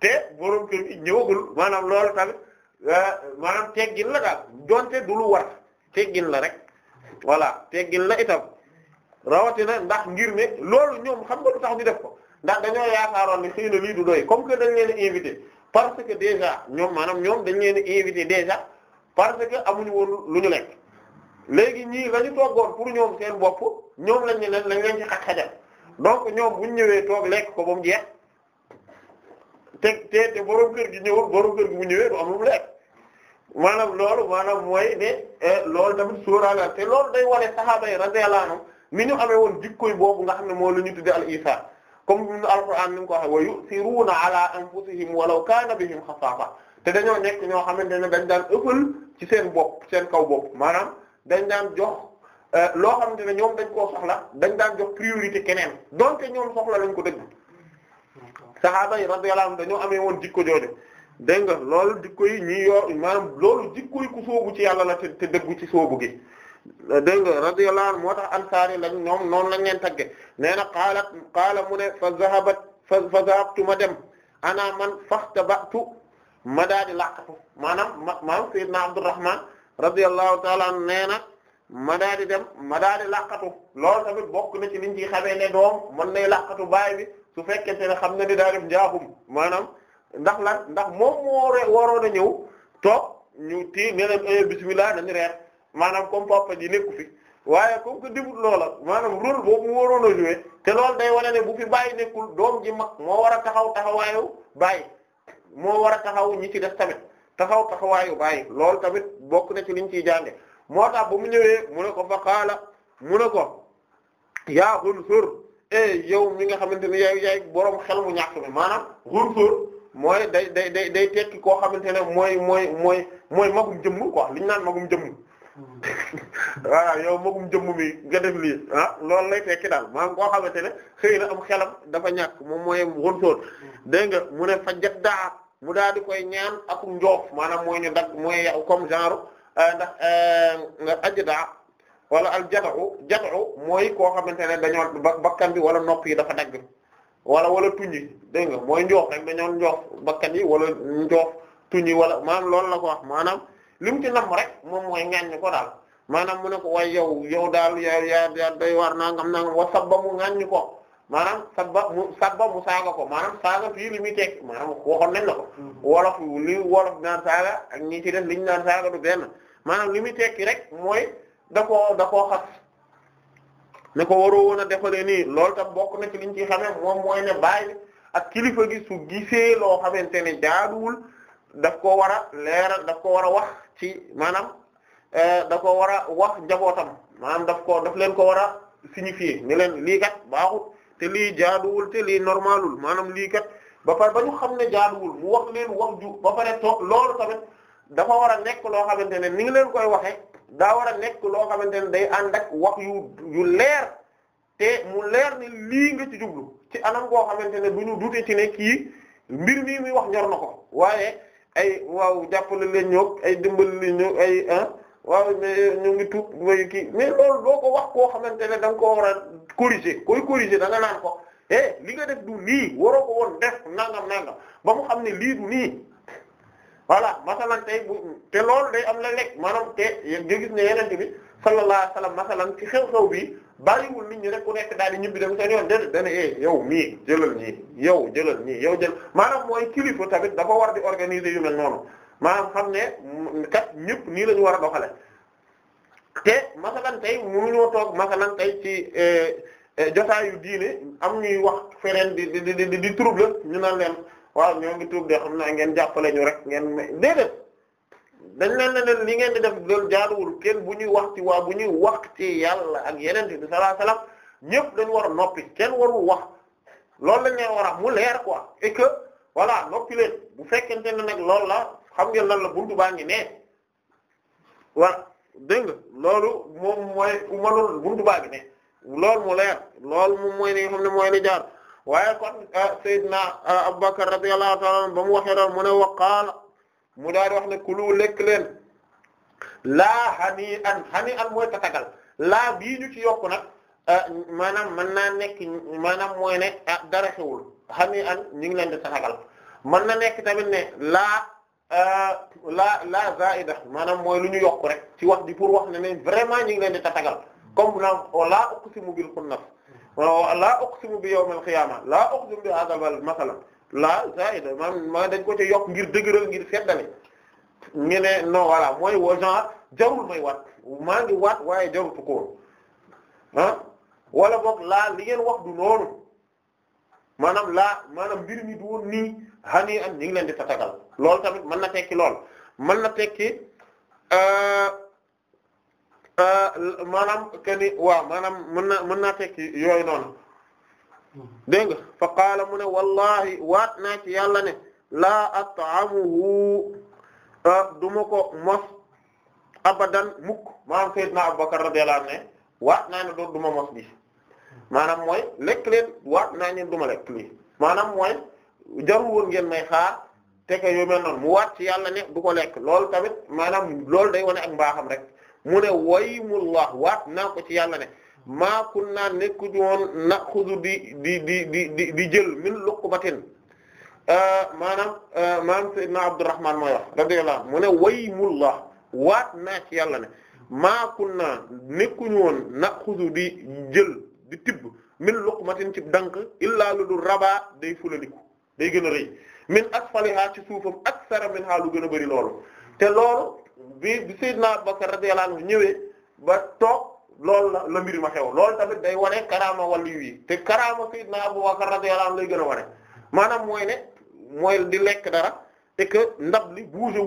te borom kër ñëwagul maanaam loolu tamit euh, maanaam teggin la daal donte du lu war teggin la rek voilà teggin la itam rawatina ndax ngir ne loolu ñoom xam nga lu tax ñu def ko ndax dañoo yaakaaroon ni xëy na lii du doy comme que dañ leen invité parce que déjà ñoom maanaam ñoom dañ leen invité déjà parce que amuñu woon lu ñu lekk léegi ñii la ñu toggoon pour ñoom seen bopp ñoom lañ ne leen lañ leen ci xaj xajal donc ñu ñëwee toog lekk ko ba mu jeex te te te borom kër gi ñëwul borom kër gi bu ñëwee du am lu mu lekk maanaam loolu maanaam mooy ne eh, loolu tamit sóoraale te loolu day waree saxaaba yi radiyallahu anhum ni ñu amee woon jikkoy boobu nga xam ne moo la ñu tuddee al isa comme ñu alquran ni mu ko waxee wa yusiruuna ala anfusihim walaw kaana bihim xasaafa te dañoo nekk ñoo xamante ne dañ daal ëppal ci seen bopp seen kaw bopp maanaam dañ daan jox euh, loo xamante ne ñoom dañ ko soxla dañ daan jox priorité keneen donc ñoom soxla lañ ko dëgg sahaaba yi radiyallahu am dañoo amee woon jikko jooju dégg nga loolu jikko yi ñi yor maanaam loolu jikko yi ku sóobu ci yàlla la te dëggu ci soobu gi dégg nga radiyallahu anhu moo tax ansaar yi lañ ñoom noonu lañ leen tagge nee na qaala qaala mu ne fa zahabat fa zahabtu ma dem ana ba faxtabatu ma daa di làqatu maanaam ma maam sayyidna Abdurrahman radiyallahu ta'ala anhu nee na ma daadi di dem ma daa di làqatu tamit bokk na ci liñ ci xamee ne doom mën nay làqatu baay bi su fekkente ne xam na ni daa dem njaabum maanaam ndax lan ndax moom moo waroon a ñëw toog ñu ti ne leen eh, bismillah nañu reer maanaam comme papa ji nekku fi waaye comme que dibut loola maanaam rôle boobu mu waroon a jouer te loolu day wane ne bu fi bàyyi nekkul doom ji mag moo war a taxaw taxawaayu bàyyi moo war a taxaw ñi ci def tamit taxaw taxawaayu bàyyi loolu tamit bokk na ci liñ ciy jànge moo tax ba mu ñëwee mu ko fa xaala mu ne ko yaa Xunsur e eh, yow mi nga xamante ne yaay yaay boroom xel mu ñàkk mi maanaam Xunsur mooy day day day day tekki koo xamante ne mooy mooy mooy mooy magum jëmm quoi liñ naan magum jëmm hmm. voilà yow magum jëmm mi nga def lii lool ah, loolu lay tekki daal maanaam koo xamante ne xëy na am xelam dafa ñàkk moom mooy Xunsur hmm. dégg nga mu fa jat daa mu daal di koy ñaan akum njoof maanaam mooy ñu ndag mooy comme genre euh, ndax euh, ajda wala al jad'u jad'u mooy koo xamante ne dañoo bakkan bi wala nopp yi dafa dagg wala wala tuñ yi nga mooy njoof rek dañoo njoof bakkan yi wala njoof wala maanaam loolu la ko maanaam li mu ci namm rek moom mooy ŋaññi ko daal maanaam mu ne ko waaye yow yow daal yaa yaa yaa doy waar nangam nangam wa sabba mu ŋaññi ko. maanaam sabba mu sabba mu saaga ko maanaam saaga fii li muy teg maanaam waxoon nañ la ko hmm. wolof li wolof naan saaga ak ñi ci def liñ naan saaga du benn maanaam li muy tekki rek mooy da koo da koo xas ne ko waroo woon a defalee nii lool tam bokk na ci liñ ci xamee moom mooy ne bàyyi ak kilifa gi su gisee loo xamante ne jaaduwul daf ko war a leeral daf ko war a wax ci maanaam eh, da ko war a wax njabootam maanaam daf ko daf leen ko war a signifier ne leen lii baaxut te lii jaaduwul te lii normalul maanaam lii kat ba pare ba ñu xam ne jaaduwul mu wax leen wax ju ba pare toog loolu tamit dafa war a nekk loo xamante ne ni ngi leen koy waxee daa war a nekk loo xamante ne day ànd ak wax yu yu leer te mu leer ni lii nga ci jublu ci anam goo xamante ne du ñu dute ci ne kii mbir mii muy wax ñor na ko waaye ay waaw jàppale leen ñëw ay dimbali leen ay ah. waaw mais ñu ngi tuub mooy kii mais loolu doo ko wax koo xamante ne da ko war a corriger koy corriger da nga naan ko eh li nga def du nii waroo ko woon def nangam nangam ba mu xam ne lii du nii voilà masalan te loolu day am la lekk maanaam te nga gis ne yeneen bi sallallahu alayhi wasallam masalan ci xew-xew bi bàyyiwul nit ñi rek ku nekk daal di ñibbi dem seen yoon déedéet dana eh yow mii jëlal ñii yow jëlal ñii yow jël maanaam mooy kilifa tamit dafa war di organiser yu noonu. maanaam xam ne kat ñëpp nii la ñu war a doxale te masalan tey mënuñoo toog masalan tey ci eh, eh, jotaayu diine am ñuy wax feneen di di di di trouble ñu naan leen waaw ñoo ngi trouble xam naa ngeen jàppale ñu rek ngeen déedéet dañ leen ne leen li ngeen di def loolu jaaduwul kenn bu ñuy wax ci waa bu ñuy wax ci yàlla ak yeneen bi sallallahu alayhi ñëpp dañu war a noppi kenn warul wax loolu lañ leen war a mu leer quoi et que noppi leen bu fekkente ne nag loolu la xam ngeen lan la buntu baa ngi ne wa dégg loolu moom mooy ku mënul buntu baa ngi ne loolu mu leer loolu moom mooy li nga xam ne mooy li jaar waaye kon ah, Seydina ah, Abubakar radiyallahu ta'ala anhu ba mu waxee daal mu ne waqaala mu daal di wax ne kulu lekk leen laa xanii an xanii an mooy tatagal laa bii ñu ci yokk nag ah, maanaam mën naa nekk maanaam mooy ne dara xewul xanii an ñu ngi tatagal mën na nekk tamit ne laa Euh, la la zaida maanaam mooy lu ñu yokk rek ci wax ji pour wax ne ne vraiment ñu ngi leen di tatagal comme naam oh, laa uqsimu bil xunnas oh, laa uqsimu bi yawmil qiyaama laa uqsimu bi haadhal balad masalan laa zaida maanaam ma dañ ko ci yokk ngir dëgëral ngir seddale ñu ne non voilà mooy wa genre jarul may waat maa ngi waat waaye jarul ko woon ah wala boog laa li wax du noonu maanaam laa maanaam mbir mi woon nii hani an ñu ngi leen di tatagal loolu tamit mën na tekki lool mën na tekki euh, euh, maanaam que mën na mën naa tekki yooyu noonu dégg nga fa qaala mu ne wallahi waat naa ci yàlla ne laa at'amuhu euh, du ko mos abadan mukk maanaam sayyidna Abubakar radiyallahu anhu ne waat naa ne doo mos bi maanaam mooy lekk leen waat naa ne du ma lekk lii maanaam jarul woon ngeen may xaar te que yu mel noonu mu waat ci yàlla ne bu ko lekk loolu tamit maanaam loolu day wane ak mbaaxam rek mu ne waymullah waat naa ko ci yàlla ne maa kunna nekku woon naxudu di di di di di di jël min luqmatin euh, maanaam euh, maanaam Seydina Abdurrahman mooy wax radiyallahu mu ne waymullah waat naa ci yàlla ne maa kunna nekkuñu woon naxudu di jël di tibb min luqmatin ci dank illaa lu dul raba day fulaliku day gën a rëy min asfaliha ci suufam aksara minha lu gën a bëri loolu te loolu bi bi Seydina Abubakar radiyallahu anhu ñëwee ba toog loolu la la mbir ma xew loolu tamit day wane karaama wàllu yi te karaama Seydina Abubakar radiyallahu anhu lay gën a wane maanaam mooy ne mooy di lekk dara te que ndab li bougé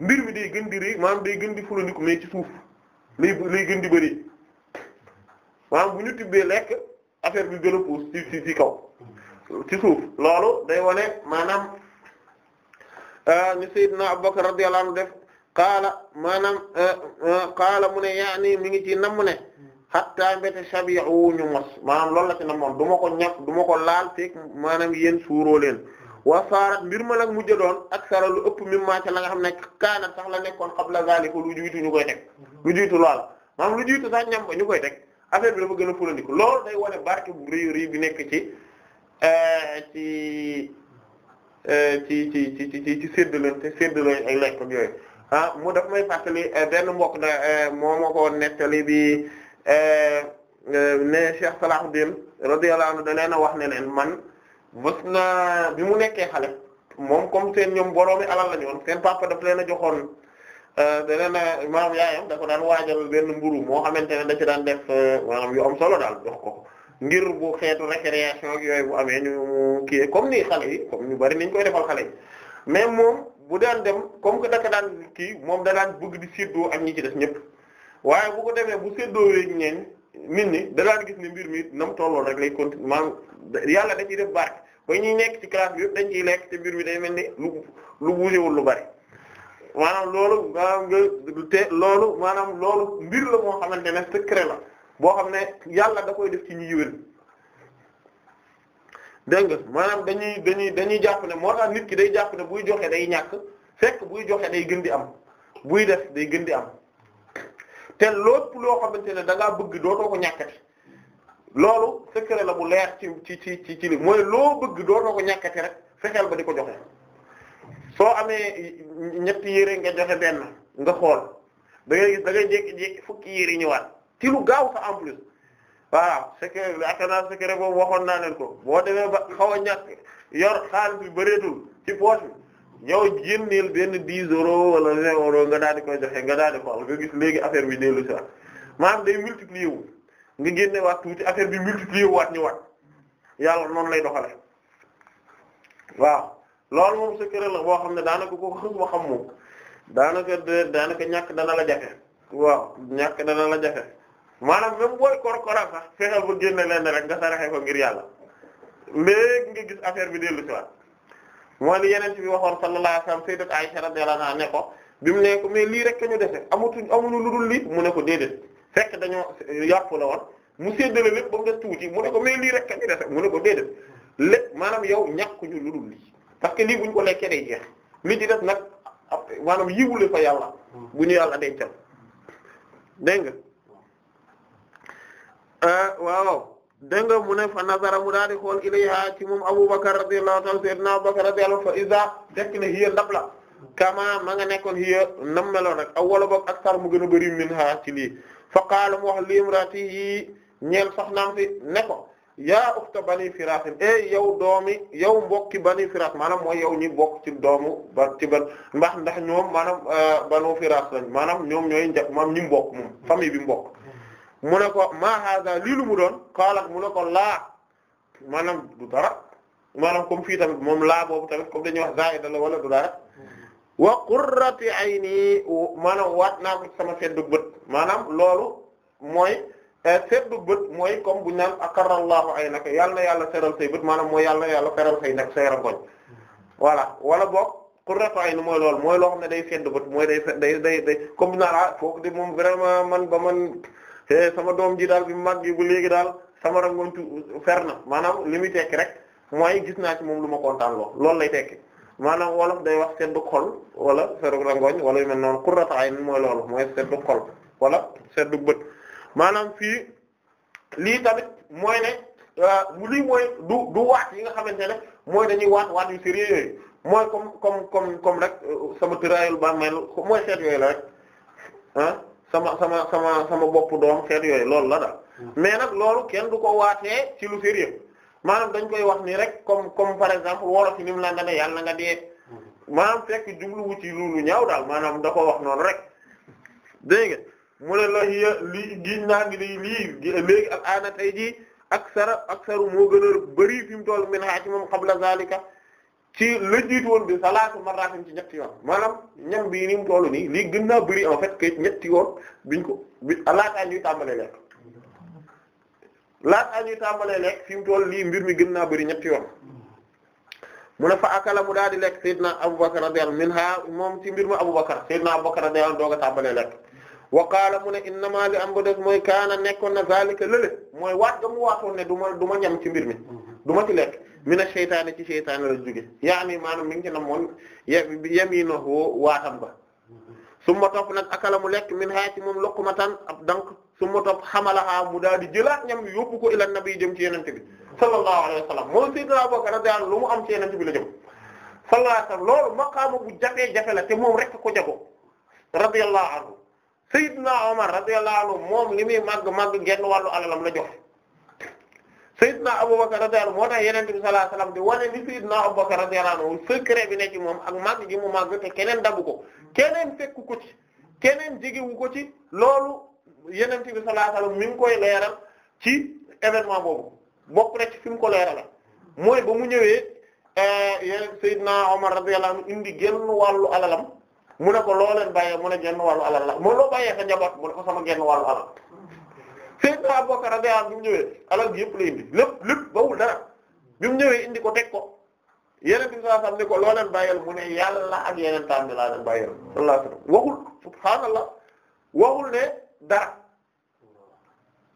mbir mi day gën di rëy maanaam day gën di fulandiku ci suuf lay lay gën di bëri maanaam bu ñu tibbee lekk affaire bi gën a puus ci ci ci suuf loolu day wone maanaam euh, ni Seydina Abubakar radiyallahu anhu def kaala maanaam euh, euh, qaala mu ne yaani mi ngi ci namm ne hatta mbéte shabi'u ñu mos maanaam lool la ci namoon du ma ko ñàkk du ma ko laal fekk maanaam yéen suuroo leen wa saarat mbir ma nag mujj doon ak sara lu ëpp mi ma la nga xam ne kaana sax la nekkoon qabla zalika lu jiitu ñu koy teg lu jiitu loola maanaam lu jiitu sax ñam ba ñu koy teg a fulandiku loolu day wone barke bu rëy rëy bi ci Eh, eh, ci ci ci ci ci ci séddalante séddaloo ay lekk yooyu ah mu daf may fàttali eh, benn mbokk na moo ma ko nettali bi ne Cheikh Salahuddin radiyallahu anhu da leen a wax ne leen man bës na bi mu nekkee xale moom comme teen ñoom boroomi alal la ñu woon papa daf leen a joxoon da leen a maanaam yaayam da ko daan waajal benn mburu moo xamante ne da ci daan def maanaam am solo daal jox ko. ngir bu xeetu récréation yooyu bu amee ñu mu kii comme nii xale yi comme ñu bari nañ koy defal xale yi mais moom bu daan dem comme que daka daan kii moom da daan bëgg di séddoo ak ñi ci def ñëpp waaye bu ko demee bu séddoo yeeg ñeen nit ñi da daan gis ne mbir mi nam tolloon rek lay continuer yàlla da ciy def barke ba ñuy nekk ci classe bi yëpp dañ ciy lekk te mbir mi day mel ni lu lu wuusewul lu bari maanaam loolu maanaam nga te loolu maanaam loolu mbir la moo xamante ne la. boo xam ne yàlla da koy def ci ñi yiwén dégg nga maanaam dañuy dañuy dañuy jàpp ne moo tax nit ki day jàpp ne buy joxe day ñàkk fekk buy joxe day gën di am buy def day gën di am ten lépp loo xamante ne da bëgg dootoo ko ñàkkati loolu secret la bu leex ci ci ci ci ci li mooy loo bëgg dootoo ko ñàkkati rek fexeel ba di ko joxe soo amee ñetti yére nga joxe benn nga xool da ngay gis da ngay jékki fukki yére ñëwaat ci lu gaaw sax en plus voilà c'est que boobu waxoon naa leen ko boo demee ba xaw a ñàkk yor xaalis bi bëreetul ci poche bi ñëw génneel benn 10 euros wala 20 euros nga daal koy joxe nga daal di nga gis léegi affaire bi dellu si waat maanaam day multiplier wu nga génne waat tuuti affaire bi multiplier waat ñu waat yàlla noonu lay doxale waaw loolu moom secret la boo xam ne daanaka ko xës xam moom daanaka daanaka ñàkk dana la jafe waaw ñàkk dan la jafe. maanaam même booy korkora sax fexeel ba génne lenn rek nga saraxe ko ngir yàlla léegi nga gis affaire bi dellu ci waat moo li yeneen bi waxoon sallallahu alayhi wasallam sayyidat a radhiyallahu anha ne ko bi mu ne ko mais lii rek ka ñu defe amatuñ amuñu lu dul lii mu ne ko déedéet fekk dañoo yàpp la woon mu séddale lépp ba mu des tuuti mu ne ko mais lii rek ka ñu defe mu ne ko déedéet lépp maanaam yow ñàkkuñu lu dul lii parce que lii bu ñu ko lekkee day jeex li ci def nag maanaam yiwule fa yàlla hmm. bu ñu yàlla dencal dégg Eh, waaw dégg nga mu ne fa nazara mu daal di xool ilayha ci moom Abubakar radiyallahu ta'ala sayyidina Abubakar radiyallahu fa iza fekk ne hiya ndab la kama ma nga nekkoon hiya nam meloon rek awwala boog ak sar mu gën a bëri min ha ci lii fa qaala mu wax yi ñeel soxnaam si ne ko yaa ukhta bani Firaas e eh, yow doomi yow mbokki bani Firaas maanaam mooy yow ñi bokk ci doomu ba ci ban ndax ndax ñoom maanaam eh, banu Firaas lañ maanaam ñoom ñooy njab maam ñi mbokk moom famille bi mbokk mu ne ko ma hada lii lu mu doon xaalat mu ne ko laa maanaam du dara maanaam comme fii tamit moom laa boobu tamit comme dañuy wax zaida la wala du dara wa ay ayni maanaam waat naa ko sama seddug bët maanaam loolu mooy eh, seddug bët mooy comme bu ñu naan akarallahu aynaka yàlla na yàlla seral say bët maanaam mooy yàlla na yàlla seral say nag say rangoñ voilà wala boog qurratu ayni mooy loolu mooy loo xam ne day sedd bët mooy day day day day comme bu ñu naan ah, moom vraiment man ba te sama doom ji daal bi mag yi bu léegi daal sama rangoontu fer na maanaam li muy tekki rek mooy gis naa ci moom lu ma kontaan loo loolu lay tekki maanaam wolof day wax seddu xol wala seddu rangooñ wala yu mel noonu qurratu ayn mooy loolu mooy seddu xol wala seddu bët maanaam fii lii tamit mooy ne euh, lii mooy du du waat yi nga xamante ne mooy dañuy waat waat yu sérieux yooyu mooy comme comme comme comme rek euh, sama tëraayul ba mel mooy seet yooyu la rek sama sama sama sama bopp doom xeet yooyu loolu la daal hmm. mais nag loolu kenn du ko waatee ci lu sérieux maanaam dañ koy wax nii rek comme comme par exemple wolof yi ni mu la nga ne yàlla na nga dee hmm. maanaam fekk jubluwu ci loolu ñaaw daal maanaam da ko wax noonu rek dégg nga mu ne la lii giñ naa ngi lii lii léegi ak aana tey jii ak sara ak a bëri fi mu toll min xaa ci moom xabla zalika ci la jiitu woon bi salaatu marratin ci ñetti yoon maanaam ñam bii ni mu toll nii lii gën naa bëri en fait que ñetti yoon biñ ko bi laataa ñuy tàmbalee lekk laataa ñuy tàmbalee lekk fi mu toll lii mbir mi gën naa bëri ñetti yoon mu ne fa daal di lekk Seydina Abubakar radiyallahu minha moom ci mbir ma Abubakar Seydina Abubakar radiyallahu doog a tàmbalee lekk wa qaala mu ne innama li am ba des mooy kaana nekkoon na zalika lële mooy waat ga mu waatoon ne du ma du ma ci mbir mi. du ma ci lekk mina seytaane ci seytaane la jóge yaani maanaam mi ngi ci namoon yamiinahu waatam ba summa topp nag akala mu lekk min haa ci moom luqmatan ab dank summa xamala xamalaha mu daal di jëlaat ñam yóbbu ko ila nabi jëm ci yenente bi sallallahu alayhi wa sallam moom lu mu am ci yenente bi la jëm sallallahu alayhi wa sallam loolu maqaama bu jafee-jafe la te moom rek ko jago radiyallahu anhu sayyidina Umar radiyallahu anhu moom li muy màgg màgg genn wàllu alalam la joxe Seydina Abubakar radiyallahu moo tax Yonent bi sallallahu alayhi wasallam di wane ni Seydina Abubakar radiyallahu anhu secret bi ne ci moom ak màgg gi mu màgg te keneen dabu ko keneen fekku ko ci keneen jegewu ko ci loolu Yonent bi sallallahu alayhi mi ngi koy leeral ci événement boobu bokk rek ci ko mu la mooy ba mu ñëwee eh, yéen Seydina Omar radiyallahu anhu indi genn wàllu alalam mu ne ko loo bàyyee mu ne genn wàllu alal la moo loo bàyyee sa njaboot mu ne ko sama genn wàllu Seydina Abubakar radiyallahu anhu bi mu ñëwee alal ji yëpp la indi lépp lépp bawul dara bi mu ñëwee indi ko teg ko yeneen bi sallallahu alayhi wasallam ne ko loo ba bàyyal mu ne yàlla ak yeneen taam bi laa leen bàyyal sallallahu alayhi wasallam waxul ne dara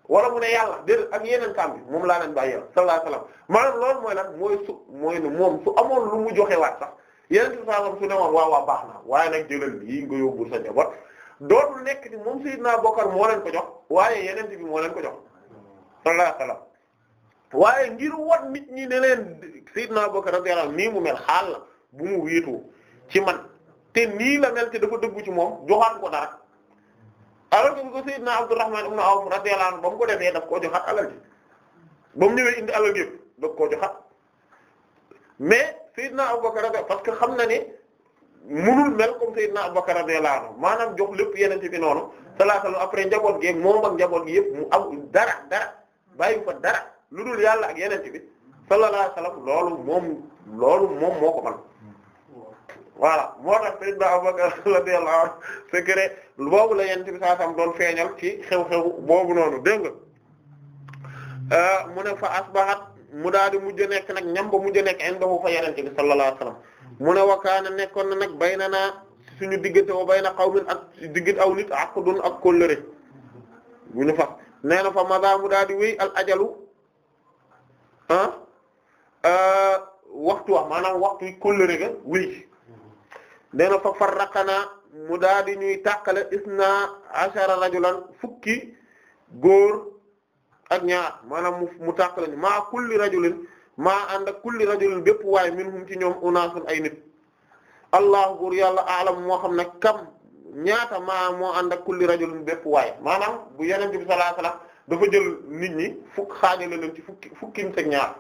wala mu ne yàlla déedéet ak yeneen taam bi moom laa leen bàyyal sallallahu alayhi wasallam maanaam loolu mooy lan mooy su mooy ne moom su amoon lu mu joxe waat sax yeneen bi sallallahu alayhi su ne waaw waaw baax na waaye nag jëlal yi nga yóbbu sa njaboot dootul nekk ni moom Seydina Bokar moo leen ko jox waaye yeneen bi moo leen ko jox sallallahu alayhi wasallam waaye ngir won nit ñi ne leen Seydina Bokar radiyallahu nii mu mel xaal la bu mu wéetoo ci man te nii la mel te dafa dëggu ci moom joxaat ko dara alors que bu ko Seydina Abdurrahman ibn Awf radiyallahu anhu ba mu ko defee daf koo joxaat alal ji ba mu ñëwee indi alal yëpp daf koo joxaat mais na Abubakar parce que xam na ne. munul mel comme Seydina Abubakar radiyallahu anhu maanaam jox lépp yenente bi noonu salaatal après njaboot gi moom ak njaboot gi mu am dara dara bàyyi fa dara lu dul yàlla ak yenente bi sallallahu loolu moom loolu moom moo ko man voilà moo tax Seydina Abubakar radiyallahu anhu secret boobu la yenente bi saa doon feeñal ci xew-xew boobu noonu dégg euh, mu ne fa asbahat mu daal mujj nekk nag ñam ba mujj nekk indahu fa yenente bi sallallahu mu ne wakaana nekkoon na nag bay na naa suñu diggante wa bay na xawmin ak diggante aw nit ak dun ak kóllëre bu ñu fax nee na fa madaamu daal di wéy al ajalu ah waxtu wax maanaam waxtu yi kóllëre ga wéy nee na mu daadi di ñuy tàqale na ashara rajulan fukki góor ak ñaar maanaam mu mu tàqale maa kulli rajulin maa ànd ak kulli rajulin bépp waaye minhum ci ñoom unaasun ay nit allahu buur yàlla alam moo xam ne kam ñaata maa moo ànd ak kulli rajulin bépp waaye maanaam bu yeneen bi sallallahu alayhi jël nit ñi fukk xaajale leen ci fukki fukkim teg ñaar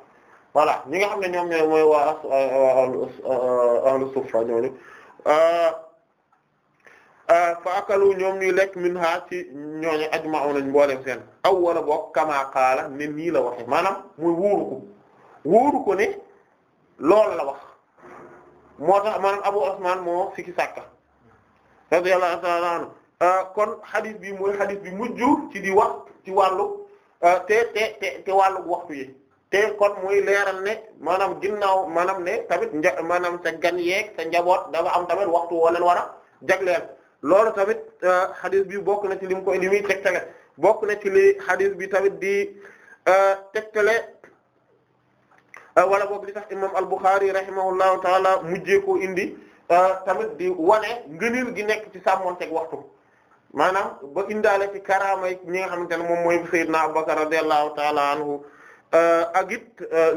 ñi nga xam ne ñoom ñooy mooy waa euh, euh, ahlu euh, suffa ñooñu fa akalu ñoom ñuy lekk min ha ci ñooñu ajma'u nañ mboolem seen aw wala boog kama qaala ne nii la waxe maanaam muy wuuru wóoru ko ne loolu la wax moo tax maanaam Abu Osman moo sikki sàkka euh, kon hadith bi mooy hadith bi mujj ci di wax ci wàllu euh, te te te te wàllu waxtu yi te kon muy leeral ne maanaam ginnaaw maanaam ne tamit nja maanaam sa gan yeeg sa njaboot dafa am tamit waxtu woo leen war a jagleel loolu tamit hadith euh, bi bokk na ci lim ko li muy bokk na ci li hadith bi tamit di tegtale. Euh, wala boobu li tax imam al-Bukhari rahimahullahu taala mujjee ko indi euh, tamit di wane ngëneel gi nekk ci sàmmonteeg waxtu maanaam ba indaale ci karaama yi ñi nga xamante ne moom mooy Seydina Abubakar radiyallahu taala anhu euh, ak it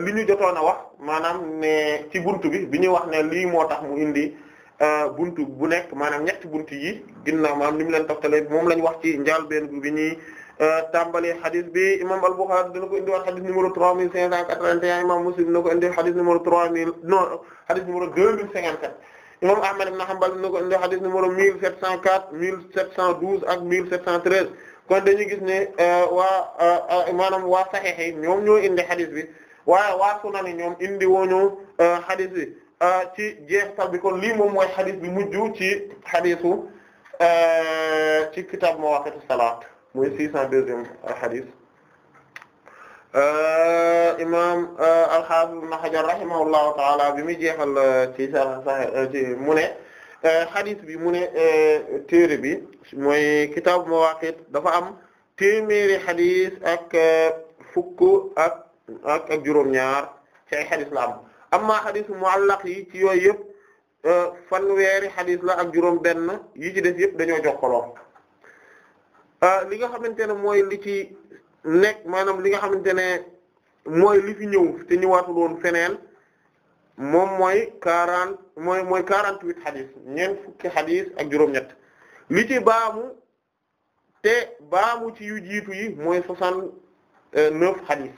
li ñu jotoon a wax maanaam ne ci buntu bi bi ñuy wax ne lii moo tax mu indi buntu bu nekk maanaam ñetti buntu yi ginnaaw maanaam ni mu leen toftalee moom la ñu wax ci njaal benn bi ñuy tàmbali xadis bi imam al-Bukhari dina ko indi waat xadis numéro trois mille cinq cent quatre-vingt-un imam Muslim dina ko indi xadis numéro trois mille non xadis numéro deux mille cinquante-quatre imam Ahmad ibn Hanbal dina ko indi xadis numéro mille sept cent quatre mille sept cent douze ak mille sept cent treize kon dañu gis ne euh, waa euh, euh, maanaam waa saxiix yi ñoom ñoo indi xadis bi waaye waa sunani ñoom indi woñu xadis bi ci jeextal bi kon lii moom mooy xadis bi mujj ci xadisu ci kitaab muy six cent deuxième hadith euh, imam euh, al-Hafiz bi muy jeexal euh, ci mu ne hadith bi mu ne téere bi mooy kitab mawaqit dafa am téeméeri hadith ak fukk ak ak juróom-ñaar ci ay hadith la am amma hadith muallaq yi ci yooyu yëpp fanweeri hadith la ak juróom benn yi ci def yëpp dañoo jokkaloo Euh, li nga xamante ne mooy li ci nekk maanaam li nga xamante ne mooy li fi ñëw te ñëwaatul woon feneen moom mooy quarante mooy mooy quarante huit xadis ñeent fukki xadis ak juróom-ñett li ci baamu te baamu ci yu jiitu yi mooy soixante neuf xadis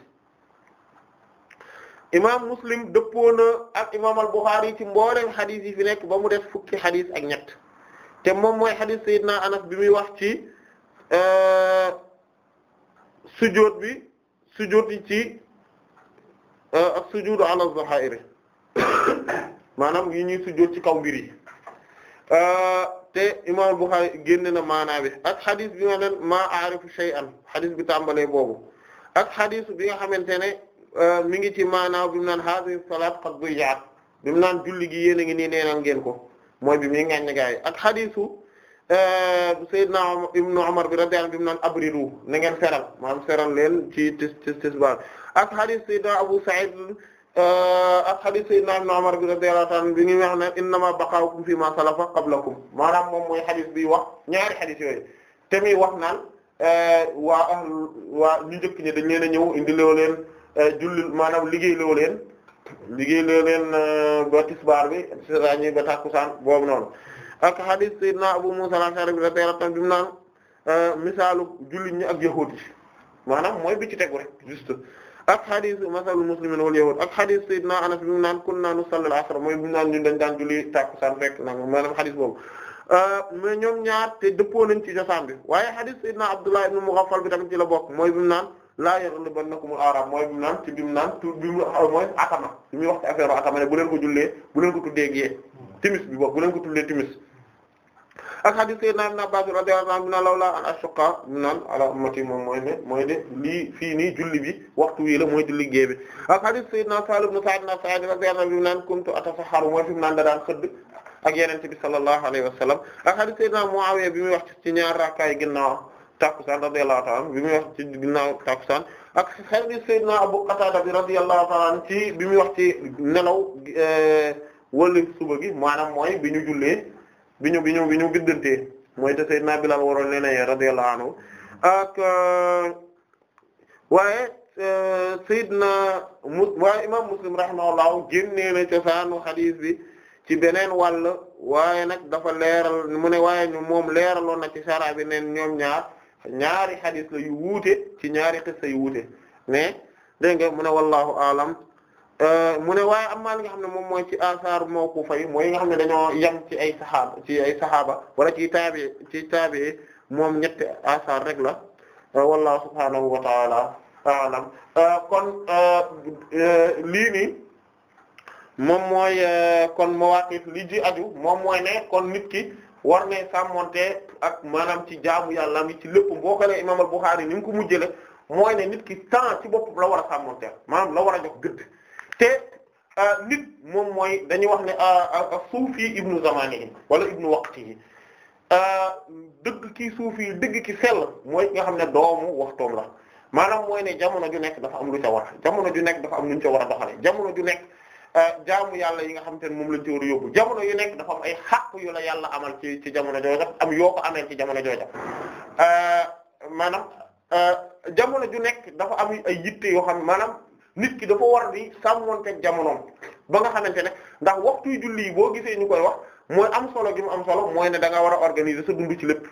imaam muslim dëppoo na ak imaam al buxaari ci mbooleem xadis yi fi nekk ba mu def fukki xadis ak ñett te moom mooy xadis sayyidina anas bi muy wax ci. Euh, sujjóot bi sujjóot yi ci euh, ak sujjóotu ala zahairi maanaam yi ñuy sujjóot ci kaw mbir yi euh, te imam Bukhari génne na maanaa bi ak xadis bi nga xam ne maa aarifu shay'an xadis bi tàmbalee boobu ak xadis bi nga xamante ne mi ngi ci maanaaw bi mu naan haadihi salaat qad diyat bi mu naan julli gi yéen a ngi nii neenal ko mooy bi muy ngañ gaay ak xadisu Eh, Seydina Ibnu Umar bi radiyallahu anhu bi mu naan abridu na ngeen feral maanaam feral leen ci ci ci tisbaar ak hadith Seydina Abu Sa'id eh, ak hadith Seydina Ibnu Umar bi radiyallahu anhu bi ngi wax ne innama baqaa'ukum fi ma salafa qablakum maanaam moom mooy hadith bi wax ñaari hadith yooyu te muy wax naan eh, waa ahlu waa ñu njëkk ñi dañ leen a ñëw indi loo leen julli maanaam liggéey loo leen liggéey loo leen ba tisbaar bi sera ñi noonu ak hadith na Abu Musa al bi radiyallahu anhu bi mu naan euh, misaalu jullit ñi ak yahuud yi maanaam mooy bi ci tegu rek juste ak hadith masalul muslimin wal yahud ak hadith sayyidina Anas bi mu naan kunna nusalli al-asr mooy bi mu naan ñun dañ daan julli tàkkusaan fekk na maanaam hadith boobu euh, mais ñoom ñaar te dëppoo nañ ci cosaan bi waaye hadith sayyidina Abdullah ibn Mughaffal bi tamit ci la bokk mooy bi mu naan laa yaghlibannakumul a'rab mooy bi mu naan ci bi mu naan mooy atama bi muy wax ci affaire atama ne bu leen ko jullee bu leen ko bi bokk bu leen ko tuddee timis ak hadith sayyidina ibn Abbas radiyallahu anhu na lawla an ashqa mooy ne fii nii julli bi waxtu wii la mooy di liggéey bi ak hadith sayyidina Sahlu ibn Sa'd ibn Sa'd naan kuntu atasahharu mooy fi mu naan ak yenente bi sallallahu alayhi wa sallam ak hadith bi muy wax ci ñaar raakaay ginnaaw takusaan radiyallahu ta'ala bi muy wax ci ginnaaw takusaan ak hadith sayyidina Abu Qatada bi radiyallahu ta'ala ci bi muy wax ci nelaw eh, wala suba gi maanaam mooy bi ñu jullee bi ñu bi ñu bi ñu biddantee mooy te Seydina Bilal waroon leen a yee radiyallahu anhu ak euh, waaye euh, Seydina mu waaye imam Muslim rahimahullahu génnee na cosaanu xadiis bi ci beneen wàll waaye nag dafa leeral mu ne waaye ñu moom leeraloon na ci sara bi neen ñoom ñaar ñaari xadiis la yu wuute ci ñaari xissa yu wuute mais dégg nga mu ne wallahu alam Euh, mu ne waaye am maa li nga xam ne moom mooy ci asar mawqufa yi mooy nga xam ne dañoo yem ci ay saxaaba ci ay saxaaba wala ci taabi ci taabi moom ñetti asar rek la euh, wallahu subhanahu wa ta'ala a'lam euh, kon lii moom mooy kon mawaqif li ji aju moom mooy ne kon nit ki war ne sàmmonte ak maanaam ci jaamu yàlla mi ci lépp boo ko ne imam al-Bukhari ni mu ko mujjële mooy ne nit ki temps ci bopp la war a sàmmonte maanaam la war a jox gëdd te euh, nit moom mooy dañuy wax ne a euh, euh, suufi ibnu zamanihi wala ibnu waqtihi dëgg ki suufi dëgg ki sell mooy nga xam ne doomu waxtoom la maanaam mooy ne jamono ju nekk dafa am lu ca war jamono ju nekk dafa am lu ñu war a doxale jamono ju nekk jaamu yàlla yi nga xamante ne moom lañ ci war jamono yu nekk dafa ay xàq yu la yàlla amal ci ci jamono jooja am yoo ko amee ci jamono jooja maanaam jamono ju nekk dafa am ay yitte yoo xam maanaam nit ki dafa war di sàmmonteeg jamonoom ba nga xamante ne ndax waxtu julli yi boo gisee ñu koy wax mooy am solo gi mu am solo mooy ne da nga war a organiser sa dund ci lépp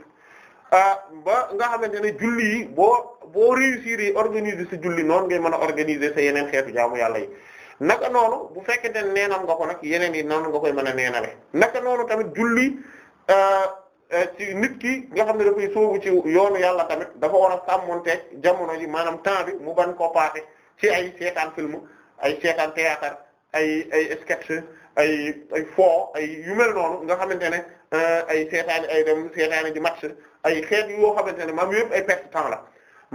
ah, ba nga xamante ne julli yi boo boo réussir yi organiser sa julli noonu ngay mën a organiser sa yeneen xeetu jaamu yàlla yi naka noonu bu fekkente ne neenam nga ko nag yeneen yi noonu nga koy mën a neenale naka noonu tamit julli ah, ah, nit ki nga xam ne dafay sóobu ci yoonu yàlla tamit dafa war a sàmmonteeg jamono ji maanaam temps bi mu ban koo paase ci ay seetaan film ay seetaan théâtre ay ay sketch ay ay fo ay yu mel noonu nga xamante ne euh, ay seetaani ay dem seetaani di match ay xeet yoo xamante ne maam yëpp ay perte temps la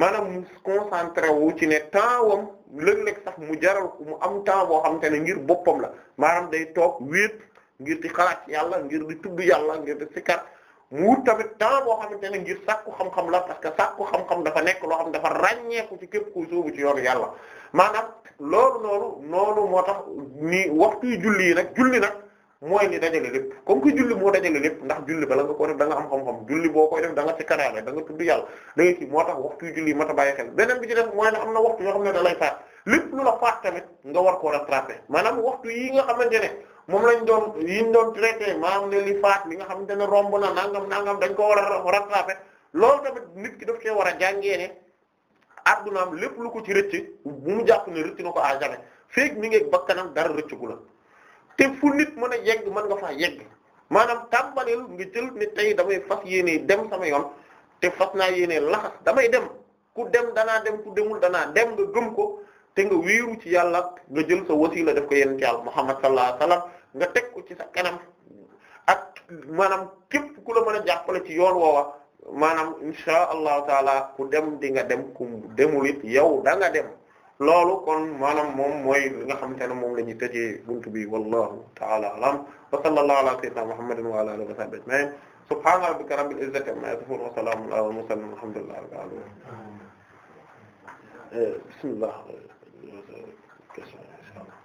maanaam mu concentré wu ci ne temps wam léeg-léeg sax mu jaral mu am temps boo xamante ne ngir boppam la maanaam day toog wéet ngir di xalaat yàlla ngir di tudd yàlla ngir di sikkat mu wut tamit temps boo xamante ne ngir sàkku xam-xam la parce que sàkku xam-xam dafa nekk loo xam dafa ràññeeku ci képp kuy sóobu ci yoonu yàlla maanaam loolu noonu noonu moo tax ni waxtu yu julli yi nag julli nag mooy ni dajale lépp comme que am xam-xam julli boo koy def da nga ci karaale da nga tudd yàlla da moo tax waxtu yu julli yi mat a xel beneen bi def mooy ne am na waxtu yoo xam ne da lay faat lépp lu la faat tamit nga war koo rattraper maanaam waxtu yi nga xamante ne moom lañ doon yiñ doon traité maanaam ne li faat li nga xamante ne romb na nangam nangam dañ ko war a rattraper loolu tamit nit ki daf koy war a jàngee ne addunaam lépp lu ko ci rëcc mu jàpp ne rëcc na ko à jamais feek mi ngi bakkanam dara rëccu la te fu nit mën a yegg mën nga faa yegg maanaam tàmbaleel nga jël ne tey damay fas yéene dem sama yoon te fas naa yéene laxas damay dem ku dem danaa dem ku demul danaa dem nga gëm ko te nga wéeru ci yàlla nga jël sa wasila def ko yenn ci yàlla Muhammad sallallahu alayhi nga teg ko ci sa kanam ak maanaam képp ku la mën a jàppale ci yoon woowa maanaam insha allahu taala ku dem dinga dem ku demul it yow da nga dem loolu kon maanaam moom mooy li nga xamante ne moom la ñuy tëjee buntu bi wallahu taala alam wa sallallahu ala sayyidina muhammadin wa ala alihi wa sahbihi ajma'in subhana rabbika rabbil izzati amma yasifun wa salamun ala al mursalin walhamdulillahi rabbil question incha allah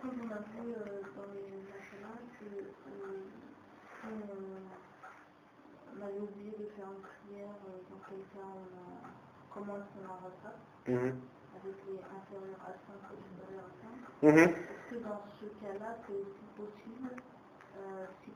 comme mm-hmm. on a vu dans on avait oublié de faire une prière dans on a comment on a ça avec les inférieurs à 5 et supérieurs à 5 est-ce que dans ce cas-là c'est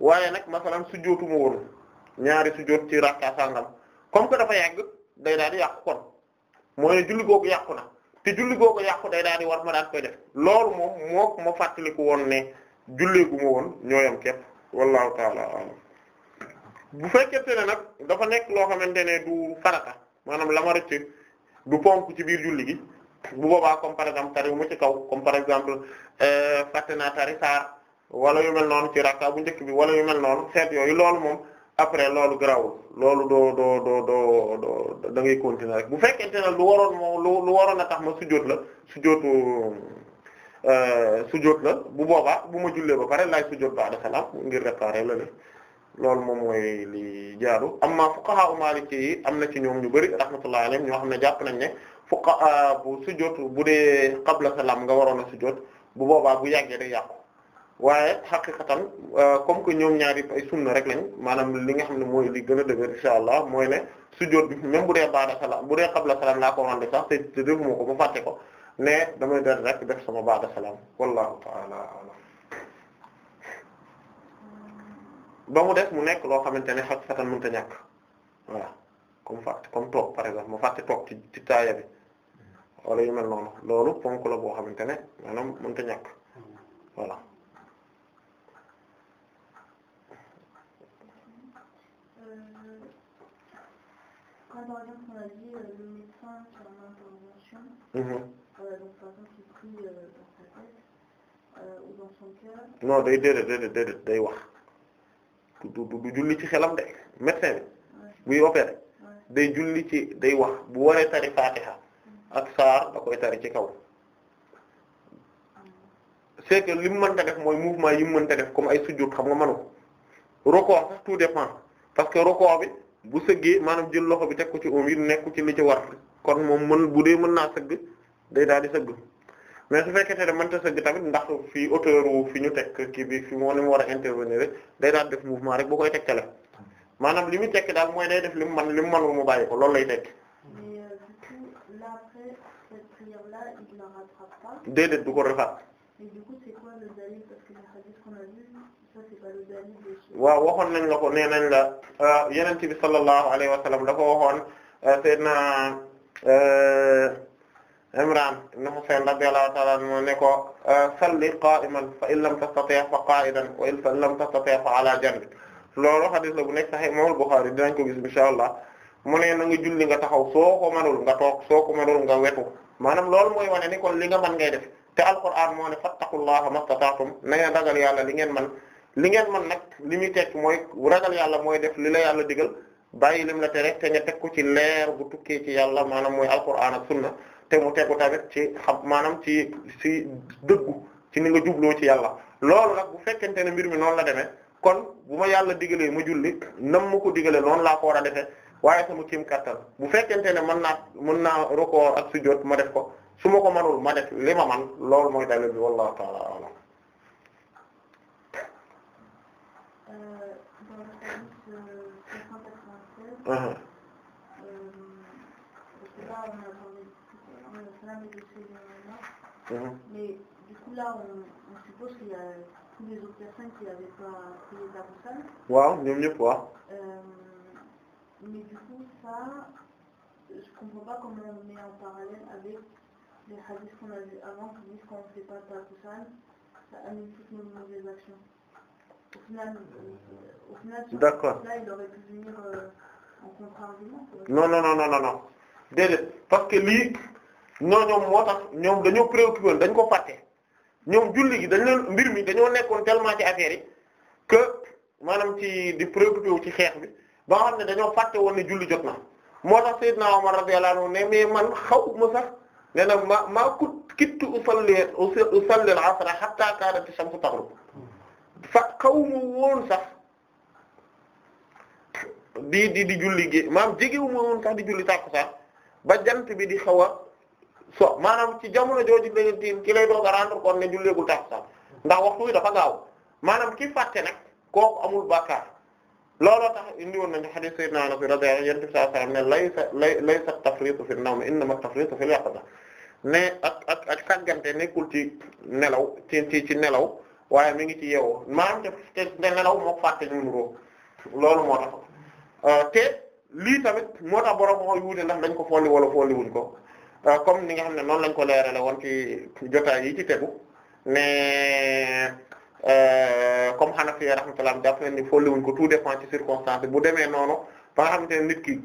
waaye nag masalan sujjóotuma woon ñaari sujjóot ci rakka sangam comme que dafa yàgg day daal di yàqu kon mooy julli googu yàqu na te julli googu yàqu day daal di war ma daan koy def loolu moom moo ma fàttaliku woon ne julleegu ma woon ñooyam képp wallahu taala alam bu fekkente ne nag dafa nekk loo xamante ne du farata maanaam la ma rëcc du ponk ci biir julli gi bu boobaa comme par exemple tari wu ci kaw comme par exemple euh, fàtte naa tari saar wala yu mel noonu ci rakka bu njëkk bi wala yu mel noonu xeet yooyu loolu moom après loolu garawul loolu doo doo doo doo ngay continuer rek bu fekkente lu waroon moom lu waroon a tax ma sujjóot la sujjóotu euh, sujjóot la bu boobaa bu ma jullee ba pare laaj sujjóot ba salaam ngir réparer la loolu moom mooy li jaaru amma fuqaha maliki yi am na ci ñoom ñu bari rahmatullahi alayhim xam ne jàpp nañ ne fuqaha bu sujjóot bu dee qabla salaam nga waroon a sujjóot bu boobaa bu yàggee de yàqu. waaye xaqiqatan euh, comme que ñoom ñaari ay sunna rek lañ maanaam li nga xam ne mooy li gën a dëgër insha allah mooy ne sujjóot bi même bu dee baada salaam bu dee qabla salaam laa ko rende sax te te defuma ko ba fàtte ko ne damay dal rek def sama baada salaam wallahu ta'ala a'lam ba mu def mu nekk loo xamante ne xaqiqatan mënta ñàkk voilà comme fàtte comme toog par exemple mu fàtte toog ci ci taaya bi wala yu mel noonu loolu ponk la boo xamante ne maanaam mënta ñàkk voilà introduire son avis, euh, le médecin qui a une intervention, mm-hmm. euh, donc par exemple il prie euh, dans sa tête euh, ou dans son cœur. non day déedéet déedéet déedéet day wax du du du julli ci xelam de médecin bi buy opérer day julli ci day wax bu waree tari Fatiha ak saar da koy tari ci kaw c'est que li mu mënta def mooy mouvement yi mu mënta def comme ay sujjóot xam nga mënu ko record sax tout dépend parce que record bi. bu sëggee maanaam jël loxo bi teg ci oom yi nekku ci li ci war kon moom mën bu dee mën naa sëgg day daal di sëgg mais su fekkente ne mënta sëgg tamit ndax fii hauteur fi ñu teg kii bi fi mu ne mu war a rek day daal def mouvement rek bu koy tegtale maanaam li mu tekki daal mooy day def li mu man li mu manul mu bàyyi ko loolu lay tekki. Euh, déedéet du ko refaat. waaw waxoon nañ la ko nee nañ la euh, yenente bi sallallahu alayhi wa sallam dafa waxoon euh, sayyidina euh, Imran ibn Husayn radiyallahu ta'ala anhu ne ko salli qa'iman fa in lam tastati' fa qa'idan wa in lam tastati' fa ala janbi loolu hadith la bu nekk Sahih Imam Bukhari dinañ ko gis insha Allah mu ne na nga julli nga taxaw soo ko mënul nga toog soo ko mënul nga wetu maanaam loolu mooy wane ni kon li nga mën ngay def te alquran moo ne fattaqullaha mastata'tum na nga yàlla li ngeen man li ngeen man nag li muy tekk mooy ragal yàlla mooy def li la yàlla digal bàyyi lim la tere te nga teg ko ci leer bu tukkee ci yàlla maanaam mooy alquran ak sunna te mu tegu tamit ci xam maanaam ci ci dëggu ci ni nga jubloo ci yàlla loolu nag bu fekkente ne mbir mi noonu la demee kon bu ma yàlla digalee ma julli nam ma ko digalee noonu laa ko war a defee waaye sama kiim kattan bu fekkente ne mën naa mën naa rekoor ak sujjóot ma def ko su ma ko manul ma def li ma man loolu mooy dalil bi dans le service Là, on a parlé de plein de décès là. Mais du coup là on, on suppose qu'il y a toutes les autres personnes qui n'avaient pas payé de la roussane. Waaw ñoom ñëpp waaw. Euh, mais du coup ça je comprends pas comment on met en parallèle avec les hadiths qu'on a vus avant qui disent qu'on ne fait pas de la roussane, ça annule toutes nos mauvaises actions. d'accord euh, non non non non non déedéet parce que lii ñoo ñoom moo tax ñoom dañoo préoccupé woon dañ ko fàtte ñoom julli gi dañ leen mbir mi dañoo nekkoon tellement ci affaire yi que maanaam ci di préoccupé wu ci xeex bi ba xam ne dañoo fàtte woon ne julli jot na moo tax Seydina Omar ma anhu ne mais man ma sax nee na ma maa kut kittu usalli usalli al-asr hatta kanat ash-shamsu fa xaw ma woon sax di di di julli gi maam jegewu ma woon sax di julli tàkkusaan ba jant bi di xawa a so maanaam ci jamono jooju la leen tiim ki lay doog a rendre compte ne julleegul tàkkusaan ndax waxtu wi dafa gaaw maanaam ki fàtte nag kooku amul bàkkaar looloo tax indi woon nañu hadith sayyidina Anas radiyallahu anhu yonent bi sallallahu alayhi wasallam ne laysa laysa tafriitu fi an-nawm innama tafriitu fil yaqظa ne ak ak ak sàggante nekkul ci nelaw ci ci ci nelaw waaye mi ngi ci yeewoo maam te te nelaw moo fàtte ñu nuroo loolu moo tax euh, te lii tamit moo tax borom moo yuute ndax dañ ko folli wala folli wuñ ko euh, comme ni nga xam ne noonu lañ ko leerale woon ci jotaay yi ci tegu mais euh, comme Hanafi rahmatullah jàpp nañ ni folli wuñ ko tout dépend ci bu demee noonu ba nga xamante ne nit ki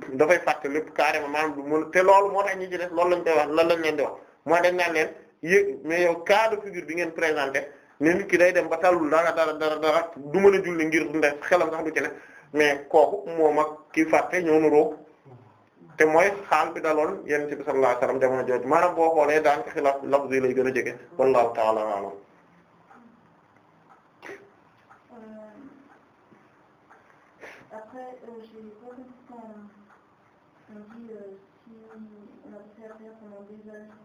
lépp carrément maanaam du loolu moo tax ñi ci def loolu lañ koy wax lan lañ leen di wax mooy de naan leen yëg mais yow cas de bi ngeen présenté ne nit day dem ba tàllul dara dara dara dara du mën a julli ngir ndax xelam sax du ci mais kooku moom ak kii fàtte te mooy xaal bi daloon yonent bi sallallahu alayhi wasallam jamono jooju maanaam boo xoolee daan ko xilaaf yi lay gën a jege wallahu ta'ala a'lam euh, euh,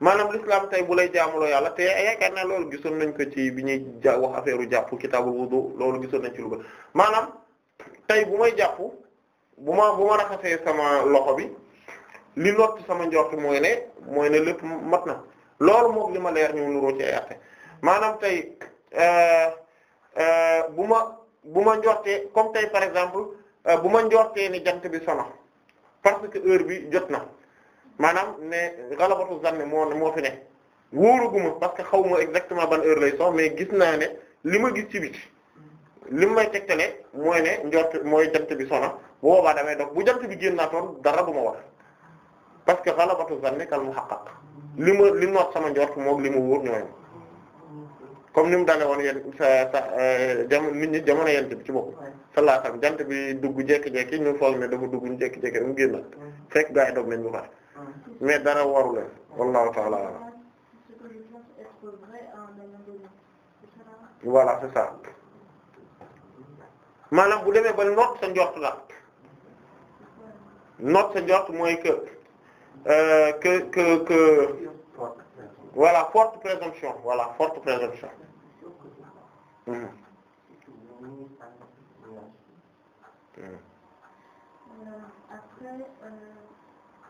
maanaam l'islam tey bu lay jaamuloo yàlla te yaakaar naa loolu gisoon nañ ko ci bi ñuy ja wax affaire u jàpp kitaabul wudu loolu gisoon nañ ci lu ba maanaam tey bu may jàpp bu ma bu ma raxasee sama loxo bi li lott sama njort mooy ne mooy ne lépp mat na loolu moom li ma leer ñu nuroo ci maanaam tey euh, euh, bu ma bu ma njortee comme tey par exemple euh, bu ma njortee ni jant bi sama parce que heure bi jot na maanaam ne galabatu zanne moo moo fi ne wóoruguma parce que xaw ma exactement ban heure lay sox mais gis naa ne li ma gis ci biti li mu may tegtale mooy ne njort mooy jant bi sona bu boobaa damay dox bu jant bi génnaatoon dara du ma parce que galabatu zanne kal muhaqqaq li ma li noot sama njort moom li ma wóor ñooy comme ni mu dalee woon yéen sa sa euh, jamono nit ñi jamono yent bi ci bopp sallallahu alayhi wasallam jant bi dugg jékki-jékki ñu foog ne dafa dugg ñu jékki-jékki mu génn fekk gaa yi doog nañ bu pare mais dara waru leen wallahu ta'ala alam voilà c'est ça maanaam bu demee ba noot sa njort la noot sa mooy que euh, que que que voilà forte présomption voilà forte présomption hmm. Hmm. Hmm. après euh,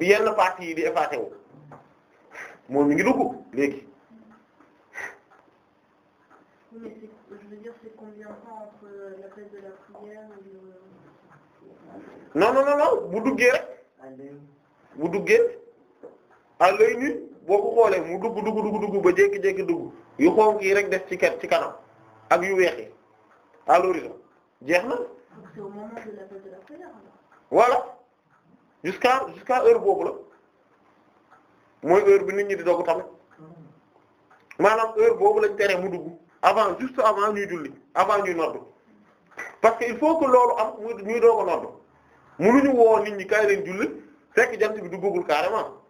bi yenn parties yi di effacé wu moom mi ngi dugg léegi. mais je veux euh, bu duggee rek. bu duggee à l'œil nu boo ko xoolee mu dugg dugg dugg dugg ba jékki-jékki dugg yu xonk yi rek def ci kat ci kanam ak yu weex yi jeex na. donc jusqu'à jusqu'à heure boobu la mooy heure bi nit ñi di dogu tamit maanaam heure boobu lañ tere mu dugg avant juste avant ñuy julli avant ñuy noddu parce que il faut que loolu am ñuy doog a noddu mënuñu woo nit ñi kaay leen julli fekk jant bi duggagul carrément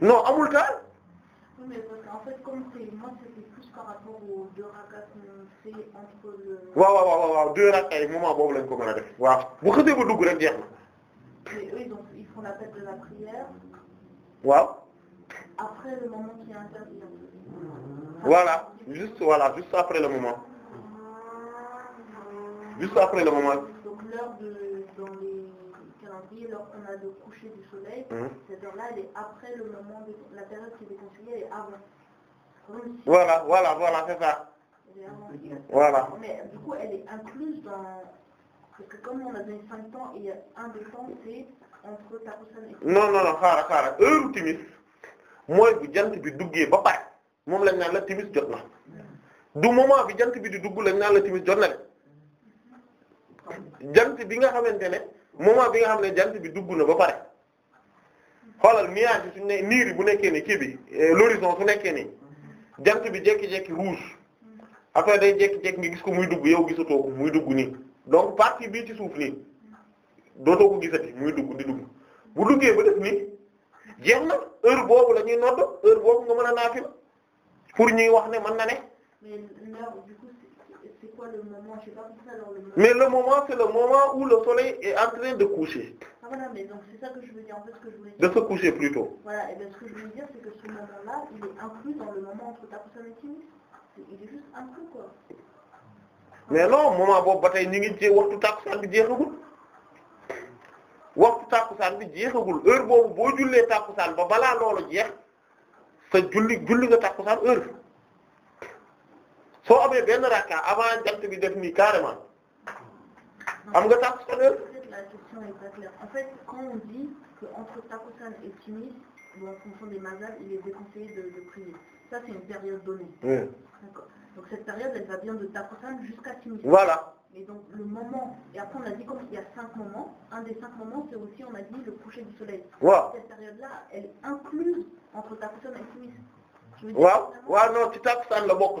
non amul taal. waaw waaw waaw waaw deux rakka ay moment boobu lañ ko mën a def waaw bu xësee ba dugg rek jeex na. waaw. après le moment qui intervient. voilà juste après le moment. juste après le moment. donc l'heure de dans les calendriers, l'heure qu'on a de coucher du soleil. Mmh. Cette là elle est après le moment de la période qui est déconseillée, elle est avant. voilà voilà voilà c'est ça. voilà. mais du coup timis mooy bu jant bi duggee ba pare moom lañ naan la timis jot na du moment bi jant bi di dugg lañ naan la timis jot na de jant bi nga xamante ne moment bi nga xam ne jant bi dugg na ba pare xoolal nuage bi su ne bu nekkee ni kii bi euh, l'horizon nekkee nii. jant bi jékki-jékki rouge après day jékki-jékki nga gis ko muy dugg yow gisatoo ko muy dugg nii donc partie bi ci suuf nii dootoo ko gisati muy dugg di dugg bu duggee ba def nii jeex na heure boobu la ñuy nodd heure boobu nga mën a naafila pour ñuy wax ne mën na ne. mais le moment c'est le moment où le soleil est en train de coucher. Ah voilà, mais donc c'est ça que je veux dire, en fait ce que je voulais dire. De se coucher je voulais dire c'est mais non moment boobu ba tey ñu ngi ci waxtu tàkkusaan bi jeexagul waxtu tàkkusaan bi jeexagul heure boobu boo jullee tàkkusaan ba balaa loolu jeex sa julli julli nga tàkkusaan heure soo amee benn rakka avant jant bi def nii carrément am nga tàkkusaan heure. la question est pas en fait quand on dit que entre tàkkusaan et timis bon, en fonction des mazhab il est déconseillé de de prier ça c'est une période donnée. donc cette période elle va bien de tàkkusaan jusqu'à timis. voilà. mais donc le moment et après on a dit comme il y a cinq moments un des cinq moments c'est aussi on a dit le coucher du soleil. waaw cette période là elle est incluse entre tàkkusaan et timis. la bokk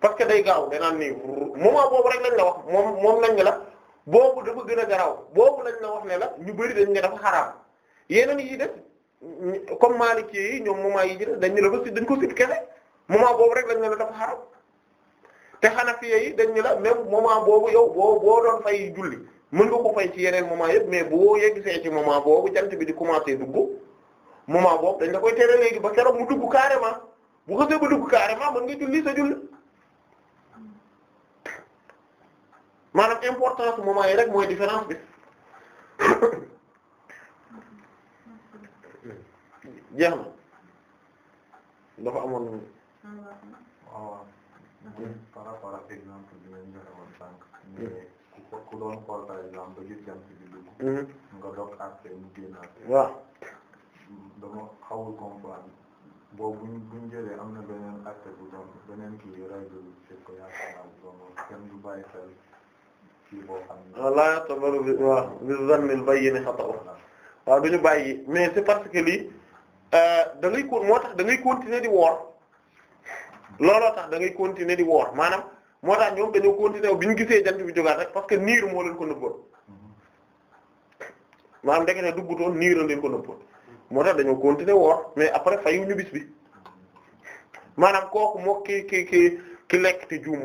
parce que day gaaw danaan nii moment boobu rek lañ la wax moom moom lañ ne la boobu dafa gën a garaaw boobu lañ la wax ne la ñu bari dañ ne dafa xaraam yeneen yi def comme Maliki yi ñoom moment yi dañ ne dañ ko sit kese moment boobu rek te Hanafiya yi dañ ne la même moment boobu yow boo boo doon fay mën nga ci yeneen moment yëpp mais boo yeggisee ci moment jant bi di commencer dugg moment boobu dañ la koy tere léegi ba keroog mu dugg carrément bu xasee nga julli sa julli maanaam importance moment yi rek mooy différence bi jeex na dafa amoon waaw hmm. par rapport ak exemple bi nañ joxe woon sànq mais hmm. ku ku doon xool par exemple gis jant bi dugg hmm. nga doog après mu génnaat waaw dama xawul comprendre boobu buñ buñ jëlee am na beneen acte bu doon beneen kii règle bi c'est ko yaakaar naa bu doon kenn du bàyyi xel laa yatabaru bi waaw bi zannil bayyini xata'u waaw duñu bàyyi mais c'est parce que lii euh, da ngay ko moo tax da ngay continuer di woor looloo tax da ngay continuer di woor maanaam moo tax ñoom dañoo continuer bi ñu gisee jant bi jógaat rek parce que niir moo leen ko nëbboon maanaam ndeke ne duggutoon niir leen ko nëbboon moo tax dañoo continuer woor mais après fayu ñu bis bi maanaam kooku moo ki ki ki ki lekk te juum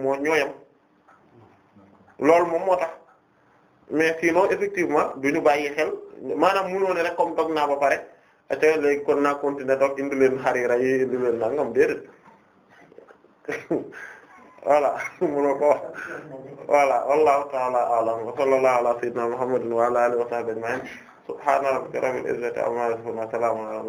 loolu moom moo tax mais sinon effectivement du ñu bàyyi xel maanaam munoo ne rek comme dog naa ba pare ate léegi kon naa continuer dog indi leen xarira yi indi leen nangam déedéet voilà munoo ko wax voilà wallahu ta'ala a'lam wa sallallahu ala sayyidina muhammadin wa ala alihi wa sahbihi ajma'in subhana rabbika rabbil izzati amma yasifun wa salamun